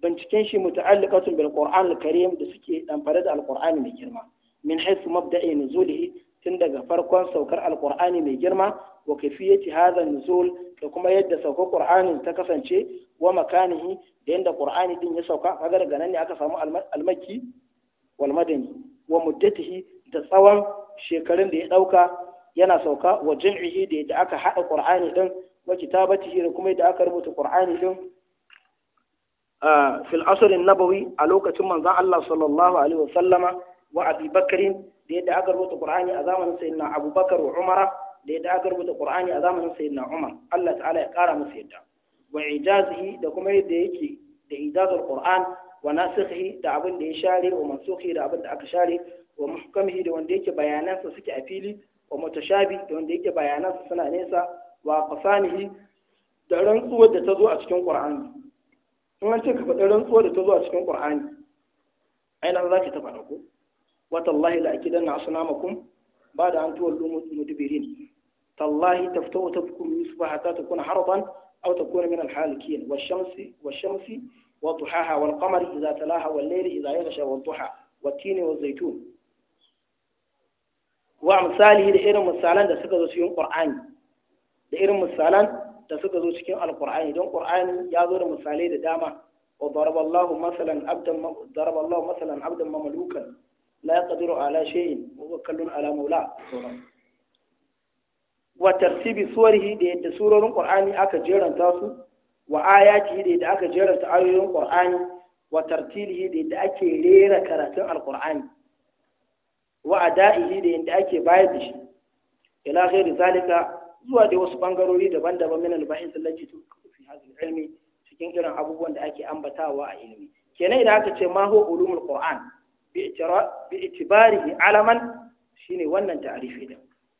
binciken shi muta'alliqatun bil qur'an al karim da suke damfare da qur'ani mai girma min haythu mabda'i nuzulihi tun daga farkon saukar qur'ani mai girma wa kayfiyati hadha nuzul da kuma yadda saukar qur'anin ta kasance wa makanihi da yadda qur'ani din ya sauka kaga daga nan ne aka samu makki wal madani wa muddatihi da tsawon shekarun da ya dauka yana sauka wa jam'ihi da yadda aka hada qur'ani din wa kitabatihi da kuma yadda aka rubuta Qur'ani din fil asr nabawi a lokacin manzon Allah sallallahu alaihi wasallama wa Abi Bakr da yadda aka rubuta Qur'ani a zamanin sayyidina Abu Bakar wa Umar da yadda aka rubuta Qur'ani a zamanin sayyidina Umar Allah ta'ala ya kara masa yadda wa ijazihi da kuma yadda yake da ijazul Qur'an wa nasikhi da abin da ya share wa mansukhi da abin da aka share wa muhkamihi da wanda yake bayanansa suke a fili wa mutashabi da wanda yake bayanansa suna nesa wa fasanihi da rantsuwar da ta zo a cikin qur'ani in an ce ka faɗi rantsuwar da ta zo a cikin qur'ani ai nan zaki ta faɗa ko watallahi la akidanna asnamakum ba da an tuwallu mudbirin tallahi taftau tafkum yusuf hatta takuna haraban aw takuna min Wa al-halikin wash-shamsi wash-shamsi وضحاها والقمر إذا تلاها والليل إذا يغشى والضحى والتين والزيتون وأمثاله لإير مثالا da suka zo cikin Qur'ani da irin misalan da suka zo cikin alkur'ani don qur'ani ya zo da misalai da dama wa daraballahu masalan abdan daraballahu masalan abdan mamlukan la yaqdiru ala shay'in wa huwa kallun ala mawla wa tartibi suwarihi da yadda surorin qur'ani aka jeranta su wa ayatihi da yadda aka jeranta ayoyin qur'ani wa tartilihi da yadda ake rera karatun alqur'ani wa ada'ihi da yadda ake bayar da shi ila ghairi zalika zuwa da wasu bangarori daban-daban min albahith allati tuqu fi hadha al-ilm cikin irin abubuwan da ake ambatawa a ilimi kenan idan aka ce ma huwa ulumul qur'an bi itibarihi alaman shine wannan ta'rifi da.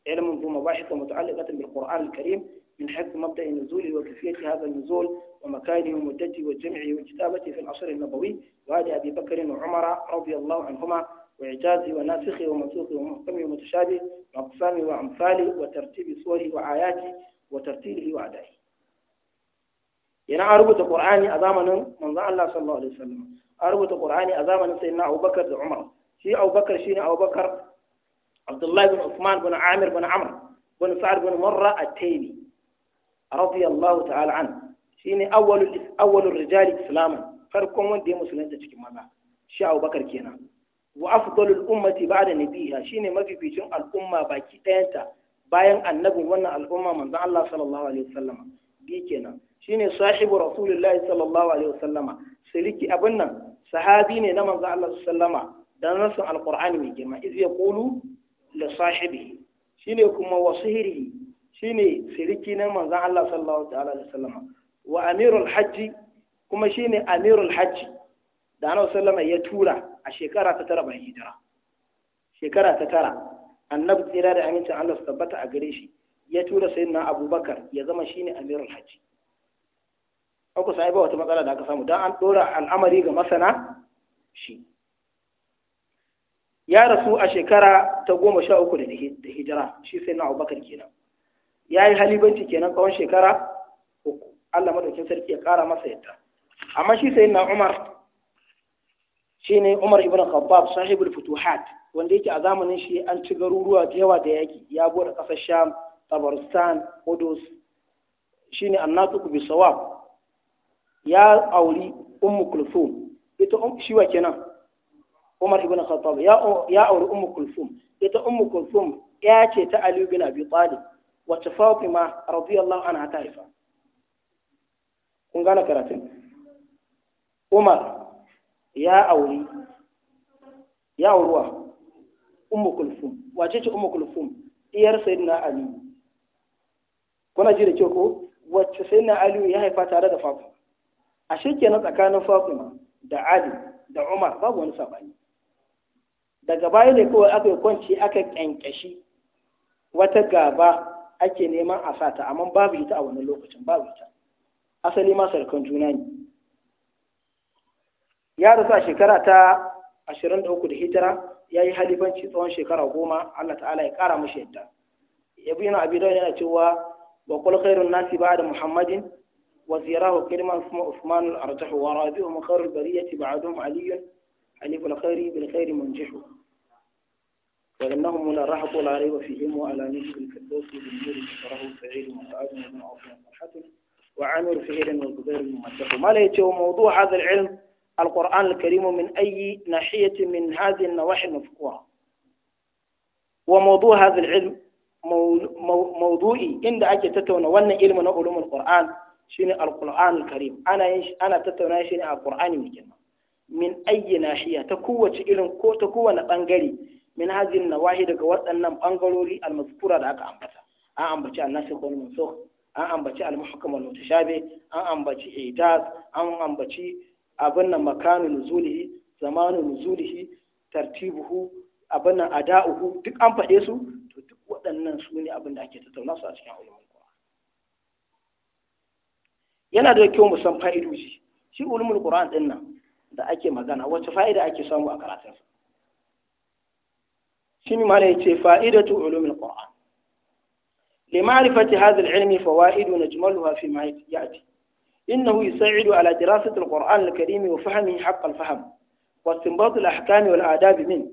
ilmin huwa mabahith mutaalliqatan bil qur'an al-karim min hadha mabda' an-nuzul wa kayfiyat hadha an-nuzul wa makanihi wa muddatihi wa jam'ihi wa kitabati fi al-asr an-nabawi wa hadha abi bakr wa umar radiyallahu anhuma wa ijazi wa nasikhi wa mansukhi wa muhkami wa mutashabih أقسامه وأمثاله وترتيب صوره وآياته وترتيله وأدائه yana an rubuta Qur'ani a zamanin manzon Allah sallallahu alaihi wasallam an rubuta Qur'ani a zamanin sayyidina Abubakar da Umar shi Abubakar shine Abubakar Abdullah ibn Uthman ibn Amir ibn Amr ibn Sa'd ibn Murra at-Taymi radiyallahu ta'ala an shine awwalul awwalur rijali islaman farkon wanda ya musulunta cikin maza shi Abubakar kenan wa afdalul ummati ba'da nabiha shine mafificin al'umma baki ɗayanta bayan annabin wannan al'umma manzo Allah sallallahu alaihi wasallam bi kenan shine sahibu rasulullahi sallallahu alaihi wasallama siliki abin nan sahabi ne na manzo Allah sallama dan nasu alqur'ani mai girma iz yaqulu li sahibihi shine kuma wasihiri shine siliki na manzo Allah sallallahu alaihi wasallama wa amirul hajji kuma shine amirul hajji da annabi sallama ya tura a shekara ta tara bayan hijira shekara ta tara annabi tsira da amincin Allah su tabbata a gare shi ya tura sai na abubakar ya zama shi ne amirul hajji ku sai ba wata matsala da aka samu dan an dora al'amari ga masana shi ya rasu a shekara ta goma sha uku da hijira shi sai na abubakar kenan ya yi halibanci kenan tsawon shekara uku allah madaukin sarki ya kara masa yadda amma shi sai na umar ne Umar ibn Khabbab sahibul futuhat wanda yake a zamanin shi an ci garuruwa da yawa da yaki ya bude kasar Sham Tabaristan Qudus ne annatuku bi sawab ya auri Ummu Kulthum ita um shi wa kenan Umar ibn khabbab ya ya auri Ummu Kulthum ita Ummu Kulthum ya ce ta Ali bin Abi Talib wacce Fatima radiyallahu anha ta haifa kun gane karatun Umar ya auri ya auruwa umu kulfum wace ce umu kulfum iyar sayyidina ali kuna ji da kyau ko wacce sayyidina ali ya haifa tare da fatima a na tsakanin fatima da ali da umar babu wani sabani daga baya ne kawai aka yi kwanci aka kyankashi wata gaba ake neman a sata amma babu ita a wannan lokacin babu ita asali ma sarkan juna ne ya rasu a shekara ta 23 da hijira ya yi halifanci tsawon shekara goma Allah ta'ala ya kara mishi yadda ya bi yana abi da yana cewa wa kul khairun nasi ba'da muhammadin wa ziyarahu kirman kuma usman al-arjahu wa radihu min khairul bariyati ba'dhum aliyyun حليف الخير بالخير منجح وإنهم لا رحب لا ريب فيهم وعلى نجم الفردوس بالنور ذكره al وسعد wa amir fihi فرحته وعامر فهير والزبير ma la yatu mawdu' hadha al ilm القرآن الكريم من أي ناحية من هذه النواحي المذكورة وموضوع هذا العلم موضوعي عند أجي تتونا وأن علم علوم القرآن شين القرآن الكريم أنا أنا تتونا شين القرآن من من أي ناحية تقوة علم كو تقوة نبانجري من هذه النواحي دقوات أن نبانجروري المذكورة لك أمبتا أمبتا الناس يقولون منسوخ an ambaci almuhkam wal mutashabih an ambaci ijaz an ambaci abin nan makanu nuzulihi zamanu nuzulihi tartibuhu abin nan ada'uhu duk an faɗe su to duk waɗannan su ne abin da ake tattauna su a cikin ulumul qur'an yana da kyau mu san fa'idoji shi ulumul qur'an din nan da ake magana wacce fa'ida ake samu a karatun sa shi ne malai ce fa'idatu ulumul qur'an لمعرفة هذا العلم فوائد نجملها فيما يأتي إنه يساعد على دراسة القرآن الكريم وفهمه حق الفهم واستنباط الأحكام والآداب منه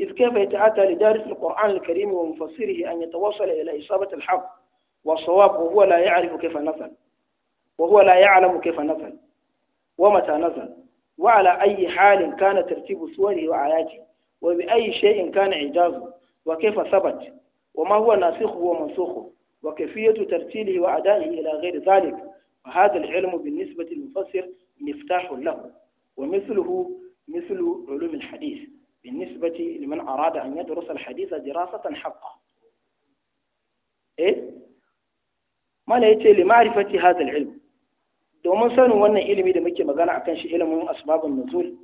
إذ كيف يتأتى لدارس القرآن الكريم ومفسره أن يتوصل إلى إصابة الحق والصواب وهو لا يعرف كيف نزل وهو لا يعلم كيف نزل ومتى نزل وعلى أي حال كان ترتيب سوره وآياته وبأي شيء كان إعجازه وكيف ثبت وما هو ناسخه ومنسوخه وكيفية ترتيله وأدائه إلى غير ذلك وهذا العلم بالنسبة للمفسر مفتاح له ومثله مثل علوم الحديث بالنسبة لمن أراد أن يدرس الحديث دراسة حقا إيه؟ ما ليتي لمعرفة هذا العلم دوما سنو وانا إلمي دمكي مغانا عكان شيء إلمه أسباب النزول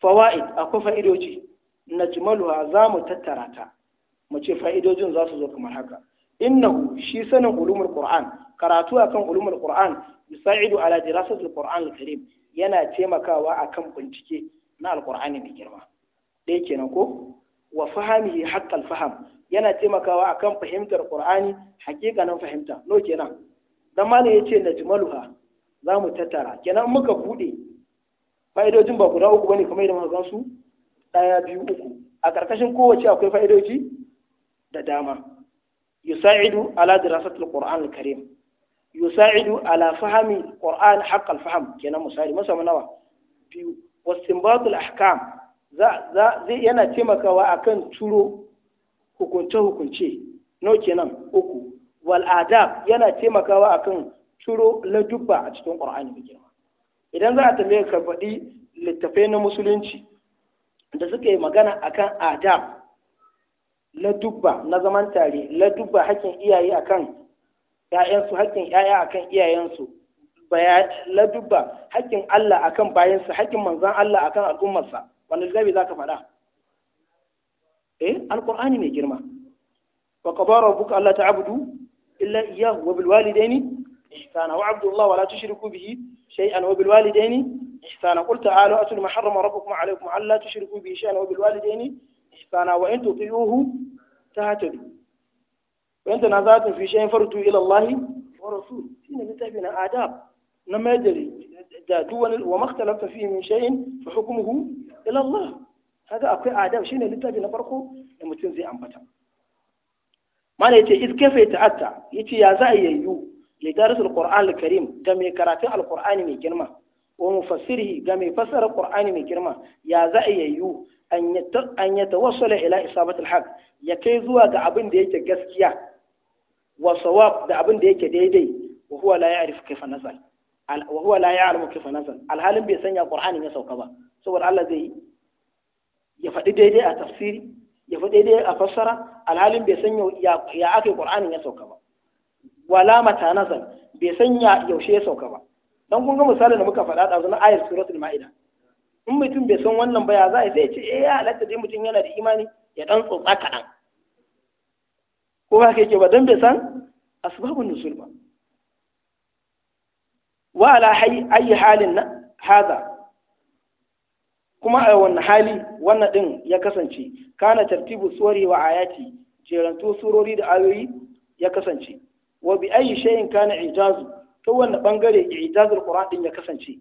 فوائد أكو فائدوجي نجملها زامو تتراتا مجي فائدوجي نزاسو زوك مرحكا Inna shi sanin ulumul qur'an karatu akan ulumul qur'an Musa'idu ala dirasatil qur'an al-karim yana taimakawa akan bincike na Al-Qur'ani mai girma dai kenan ko wa fahamihi haqqal faham yana taimakawa akan fahimtar qur'ani hakikanin fahimta no kenan dan ce yace najmaluha za mu tattara kenan muka bude fa'idojin ba guda uku bane kamar yadda muka gansu daya biyu uku a karkashin kowace akwai fa'idoji da dama yusa'idu ala dirasatul qur'an al-karim yusa'idu ala fahmi ƙur'ani quran faham kenan misali masa nawa biyu wastinbatul ahkam za yana taimakawa akan turo hukunce hukunce no kenan uku wal adab yana taimakawa akan turo ladubba a cikin ƙur'ani. mai idan za a tambaye ka faɗi littattafai na musulunci da suka yi magana akan adab La dubba na zaman tare dubba hakkin iyaye akan ‘ya'yansu hakkin ‘ya'ya akan iyayensu la dubba hakkin Allah akan bayansa hakkin manzan Allah akan al'ummarsa wanda zabi za ka faɗa eh alƙur'ani mai girma wa qabara rabbuka alla ta'budu illa iyyahu wa bil walidaini ihsana wa abdullahi wa la tushriku bihi shay'an wa bil walidaini ihsana qul ta'alu atul ma harrama rabbukum alaykum alla tushriku bihi shay'an wa bil walidaini ihsana wa in tuti'uhu tahtadu wa na nazatun fi shay'in fartu ila Allah wa rasul shine littafi na adab na majali da duk wani wa makhtalafta fi min shay'in fa hukmuhu ila Allah kaga akwai adab shine littafi na farko da mutum zai ambata mana yace iz kaifa yata'atta yace ya za a yayyu li daris alquran alkarim ga mai karatun alqurani mai girma wa mufassirihi ga mai fassara qur'ani mai girma ya za a yayyu an ya tawassala ila isabat haq ya kai zuwa ga abin da yake gaskiya wa sawab da abin da yake daidai wa huwa la ya'rifu kayfa nazal wa huwa la ya'lamu kayfa nazal alhalin bai sanya qur'anin ya sauka ba saboda Allah zai ya faɗi daidai a tafsiri ya faɗi daidai a fassara alhalin bai sanya ya aka qur'anin ya sauka ba wala mata nazal bai sanya yaushe ya sauka ba dan kun ga misalin da muka faɗa da na ayat suratul ma'ida in mutum bai san wannan ba ya za a sai ce eh ya halatta dai mutum yana da imani ya dan tsotsa kaɗan ko ba ke ba don bai san asbabun nusul ba wa ala ayi halin na haza kuma a wannan hali wannan din ya kasance kana tartibu suwari wa ayati jerantu surori da ayoyi ya kasance wa bi ayi shay'in kana ijazu to wannan bangare ijazul qur'an din ya kasance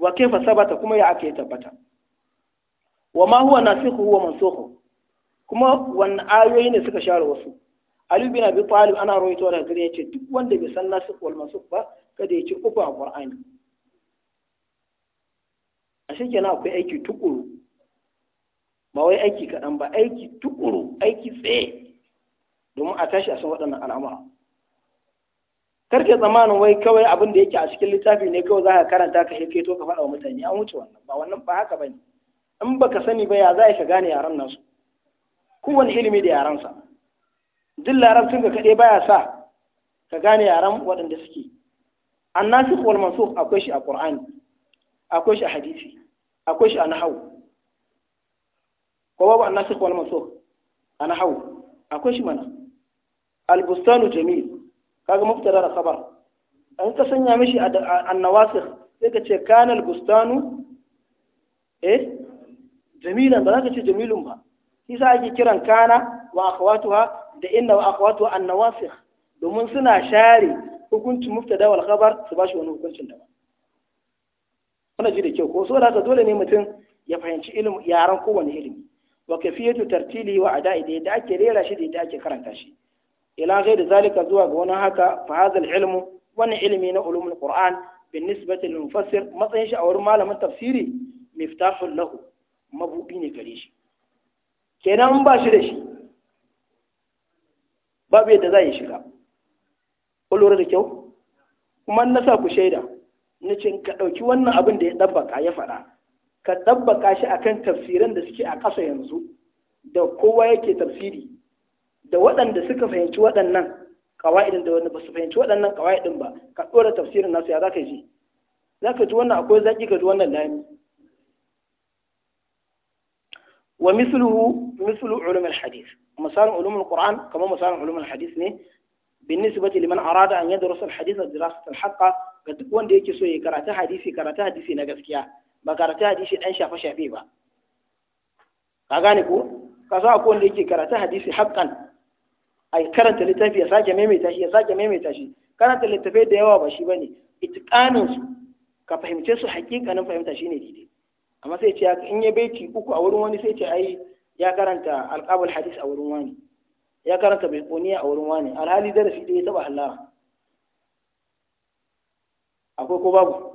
wa kaifa sabata kuma ya aka tabbata wa ma huwa nasikhu huwa mansukhu kuma wanne ayoyi ne suka share wasu Ali bin Abi Talib ana rawaito da gare yace duk wanda bai san nasikh wal mansukh ba kada ya ci uku a Qur'ani a shi kenan akwai aiki tukuru ba wai aiki kaɗan ba aiki tukuru aiki tsaye domin a tashi a san waɗannan al'amura karke tsammanin wai kawai abin da yake a cikin littafi ne kawai za ka karanta ka to ka faɗa wa mutane an wuce wannan ba wannan ba haka bane in baka sani ba ya za ka gane yaran nasu kowane ilimi da sa duk sun ga kaɗai baya sa ka gane yaran waɗanda suke annasikh wal mansukh akwai shi a qur'ani akwai shi a hadisi akwai shi a nahwu ko babu annasikh wal mansukh a nahwu akwai shi mana al-bustanu jamil kaga muftara khabar an ka sanya mishi nawasikh sai ka ce kanal bustanu eh jamilan ba za ka ce jamilun ba shi sa ake kiran kana wa akhwatuha da inna wa akhwatuha nawasikh domin suna share hukuncin muftada wal khabar su bashi wani hukuncin daban wannan ji da kyau ko so da haka dole ne mutum ya fahimci ilimi yaran kowane ilimi wa kafiyatu tartili wa ada'i da yadda ake rera shi da yadda ake karanta shi ila da zalika zuwa ga haka fa hadha ilmu wannan ilimi na ulumul qur'an bin nisbati lil mufassir matsayin shi a wurin malamin tafsiri miftahul lahu mabudi ne gare shi kenan ba shi da shi babu yadda za yi shiga ku da kyau kuma na sa ku shaida na ce ka ɗauki wannan abin da ya ɗabbaka ya faɗa ka ɗabbaka shi akan tafsiran da suke a ƙasa yanzu da kowa yake tafsiri da waɗanda suka fahimci waɗannan ƙawa'idin da wanda ba su fahimci waɗannan ƙawa'idin ba ka ɗora tafsirin nasu ya za ka ji za ka ji wannan akwai zaƙi ka ji wannan layi wa misluhu mislu ulum Hadis. hadith misalin ulum al-qur'an kamar misalin ulum al-hadith ne بالنسبة لمن أراد أن يدرس الحديث دراسة الحقة قد wanda yake so ya karata hadisi karata hadisi na gaskiya ba karata hadisi dan shafa shafe ba ka gane ko ka sa ko wanda yake karata hadisi haqqan a karanta littafi ya sake maimaita shi ya sake maimaita shi karanta littafai da yawa ba shi bane itqanin su ka fahimce su hakikanin fahimta shine daidai amma sai ce in ya baiti uku a wurin wani sai ce ai ya karanta alqabul hadis a wurin wani ya karanta bayqoniya a wurin wani alhali darasi dai ya taba halala akwai ko babu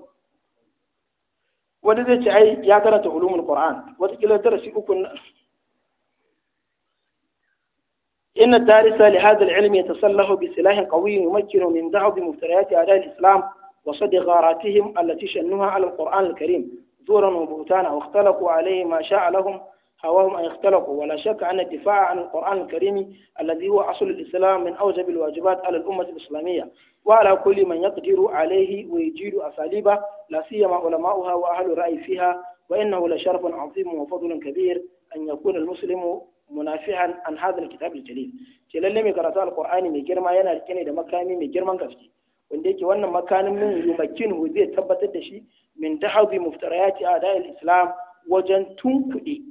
Wani zai ce ai ya karanta ulumul qur'an wata kila darasi uku إن الدارس لهذا العلم يتسلح بسلاح قوي يمكن من دعوة مفتريات أعداء الإسلام وصد غاراتهم التي شنوها على القرآن الكريم زورا وبهتانا واختلقوا عليه ما شاء لهم هواهم أن يختلقوا ولا شك أن الدفاع عن القرآن الكريم الذي هو أصل الإسلام من أوجب الواجبات على الأمة الإسلامية وعلى كل من يقدر عليه ويجيد أساليبه لا سيما علماؤها وأهل الرأي فيها وإنه لشرف عظيم وفضل كبير أن يكون المسلم munafihan an hadha alkitab aljalil ce lalle mai karatu alqur'ani mai girma yana rike ne da makami mai girman gaske wanda yake wannan makamin min yumakkinu zai tabbatar da shi min tahdi muftarayati a'da'il islam wajen tunkuɗe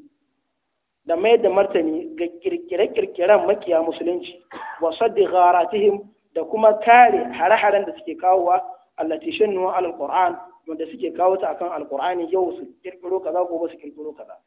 da mai da martani ga kirkire-kirkiren makiya musulunci wa saddi gharatihim da kuma kare hare-haren da suke kawowa allati shannu al-qur'an wanda suke kawo ta akan alqur'ani yau su kirkiro kaza gobe su kirkiro kaza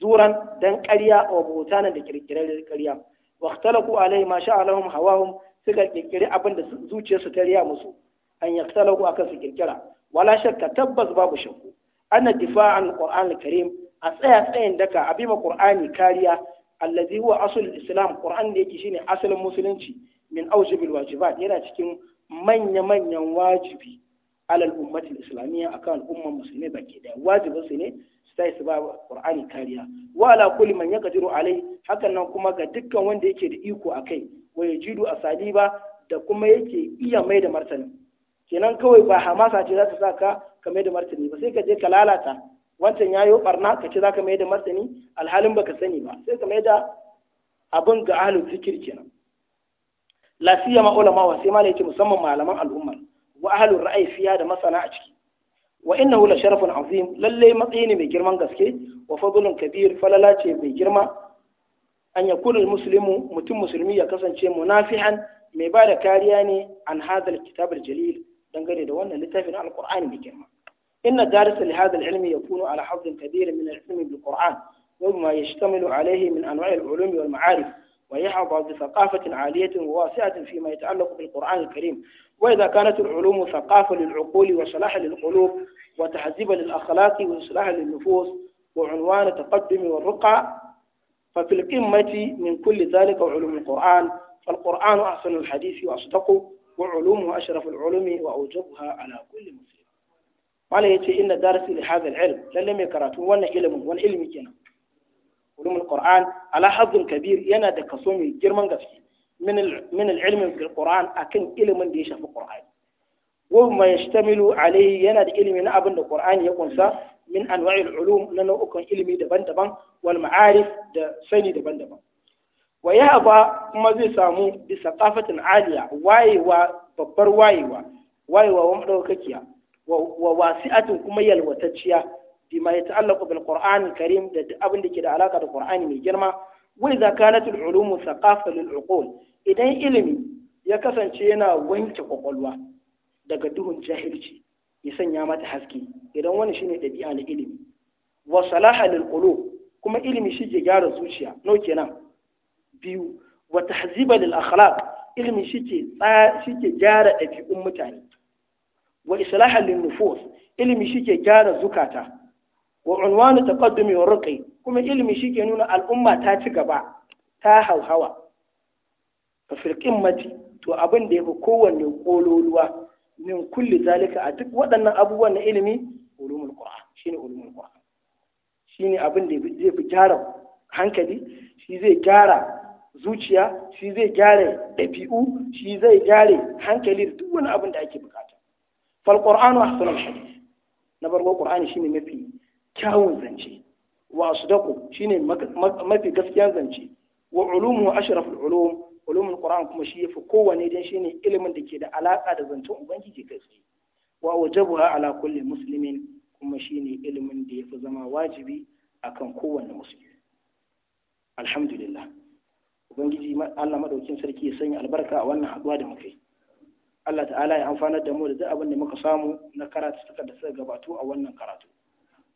zuran dan ƙarya wa bautanan da kirkirar ƙarya wa alai ma sha Allahum hawahum suka kirkiri abin da zuciyarsu ta riya musu an yaktalaku akan su kirkira wala shakka tabbas babu shakku anna difa'an qur'an karim a tsaya tsayin daka abima qur'ani kariya allazi huwa asul islam qur'an da yake shine asalin musulunci min awjibil wajibat yana cikin manya manyan wajibi alal ummatil islamiyya akan umman musulmi baki daya wajibin su ne sai su ba Qur'ani kariya wa ala kulli man yaqdiru alai hakan nan kuma ga dukkan wanda yake da iko akai wa yajidu asaliba da kuma yake iya mai da martani kenan kawai ba hamasa ce za ta saka ka mai da martani ba sai ka je ka lalata wancan yayo barna ka ce za ka mai da martani alhalin baka sani ba sai ka mai da abin ga ahlul zikir kenan Lafiya ma ulama wa sai malai musamman malaman alumma wa ahlul ra'ayi fiya da masana a ciki وإنه لشرف عظيم للي مقيني بجرمان قسكي وفضل كبير فلا لا شيء بجرما أن يكون المسلم متم مسلمية كسن شيء منافحا مبارك كارياني عن هذا الكتاب الجليل دنقري دوانا لتفن على القرآن بجرما إن دارس لهذا العلم يكون على حظ كبير من العلم بالقرآن وما يشتمل عليه من أنواع العلوم والمعارف ويحظى بثقافة عالية وواسعة فيما يتعلق بالقرآن الكريم وإذا كانت العلوم ثقافة للعقول وصلاح للقلوب وتهذيبا للأخلاق وإصلاحا للنفوس وعنوان التقدم والرقى ففي القمة من كل ذلك علوم القرآن فالقرآن أحسن الحديث وأصدقه وعلومه أشرف العلوم وأوجبها على كل مسلم وعليه إن دارسي لهذا العلم للم يكرته وأن علم وأن علم كنا علوم القرآن على حظ كبير ينادى كصومي جرمان قفكي min ilmin fil Qur'an akan ilimin da ya shafi Qur'ani wa ma yashtamilu alayhi yana da ilimi na abin da Qur'ani ya kunsa min anwa'il ulum na nau'ukan ilimi daban-daban wal ma'arif da sani daban-daban wa ya ba kuma zai samu bi saqafatin aliya wayewa babbar wayewa wayewa wa madaukakiya wa wasi'atin kuma yalwatacciya bima ya ta'allaqu bil Qur'an karim da duk da ke da alaka da Qur'ani mai girma Wai idza kanat al-ulum thaqafa lil-uqul idan ilimi ya kasance yana wanke ƙwaƙwalwa daga duhun jahilci ya sanya mata haske idan wani shine dabi'a na ilimi wa salaha lil kuma ilimi shi ke gyara zuciya nau kenan biyu wa tahziba lil-akhlaq ilimi shi ke gyara ɗabi'un mutane wa islaha lin ilimi shi ke gyara zukata wa unwanu taqaddumi wa ruqi kuma ilimi shi ke nuna al'umma ta ci gaba ta hauhawa a firƙin mati to abin da ya fi kowanne ƙololuwa min kulli zalika a duk waɗannan abubuwan na ilimi ulumul qur'an shine ulumul qur'an shine abin da zai fi gyara hankali shi zai gyara zuciya shi zai gyara ɗabi'u shi zai gyara hankali da duk wani abin da ake bukata fal qur'anu ahsanul hadith na farko qur'ani shine mafi kyawun zance wa asdaqu shine mafi gaskiyan zance wa ulumu ashraful ulum ulumul qur'an kuma shi yafi kowane dan shine ilimin da ke da alaka da zancen ubangiji kai tsaye wa wajabuha ala kulli muslimin kuma shine ilimin da yafi zama wajibi akan kowanne musulmi alhamdulillah ubangiji Allah madaukin sarki ya sanya albarka a wannan haduwa da muka Allah ta'ala ya amfanar da mu da duk abin muka samu na karatu da suka gabato a wannan karatu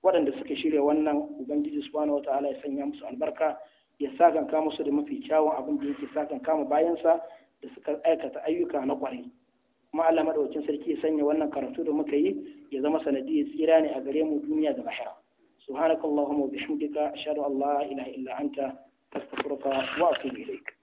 waɗanda suka shirya wannan ubangiji subhanahu ta'ala ya sanya musu albarka ya kama musu da mafi kyawun abin da yake sakan kama bayansa da suka aikata ayyuka na kwarai kuma Allah madaukakin sarki ya sanya wannan karatu da muka yi ya zama sanadiyar tsira ne a gare mu duniya da lahira subhanakallahumma wa bihamdika ashhadu an la ilaha illa anta astaghfiruka wa atubu ilaik